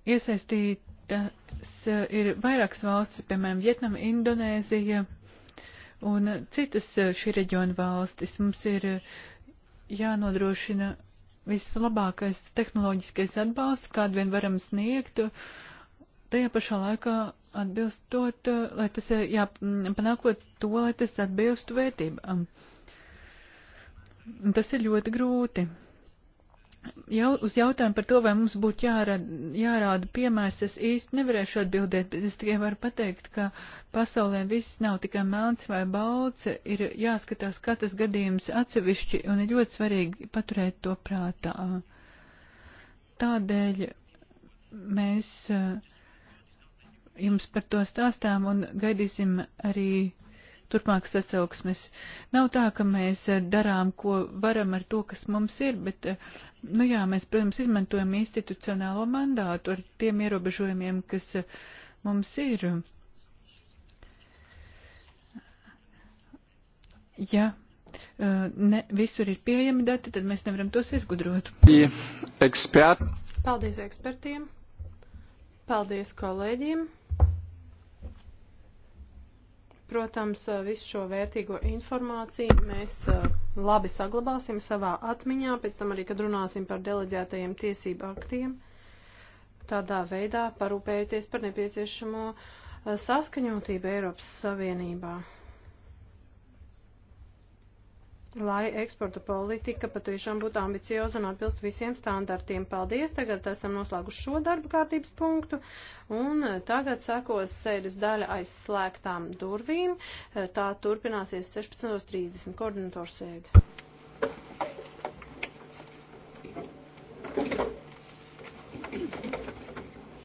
iesaistīt tas eh, ir vairākas valstis, piemēram, Vietnama, Indonēzija un citas eh, šī reģiona valstis. Mums ir eh, jānodrošina vislabākais tehnoloģiskais atbalsts, kādu vien varam sniegt, tajā pašā laikā atbilstot, lai tas, jā, panākot to, lai tas atbilstu vērtībām. Tas ir ļoti grūti. Jau, uz jautājumu par to, vai mums būtu jārada, jārāda piemērs, es īsti nevarēšu atbildēt, bet es tikai varu pateikt, ka pasaulē viss nav tikai melns vai balts, ir jāskatās katrs gadījums atsevišķi un ir ļoti svarīgi paturēt to prātā. Tādēļ mēs eh, jums par to stāstām un gaidīsim arī turpmākas atsauksmes. Nav tā, ka mēs eh, darām, ko varam ar to, kas mums ir, bet, eh, nu jā, mēs, protams, izmantojam institucionālo mandātu ar tiem ierobežojumiem, kas eh, mums ir. Ja ne, visur ir pieejami dati, tad mēs nevaram tos izgudrot. Ekspert. Paldies ekspertiem. Paldies kolēģiem. Protams, visu šo vērtīgo informāciju mēs labi saglabāsim savā atmiņā, pēc tam arī, kad runāsim par deleģētajiem tiesību aktiem, tādā veidā parūpējoties par nepieciešamo saskaņotību Eiropas Savienībā lai eksporta politika patiešām būtu ambicioza un atbilst visiem standartiem. Paldies, tagad esam noslēguši šo darba kārtības punktu, un tagad sekos sēdes daļa aiz slēgtām durvīm. Tā turpināsies 16.30 koordinatoru sēdi. Thank you.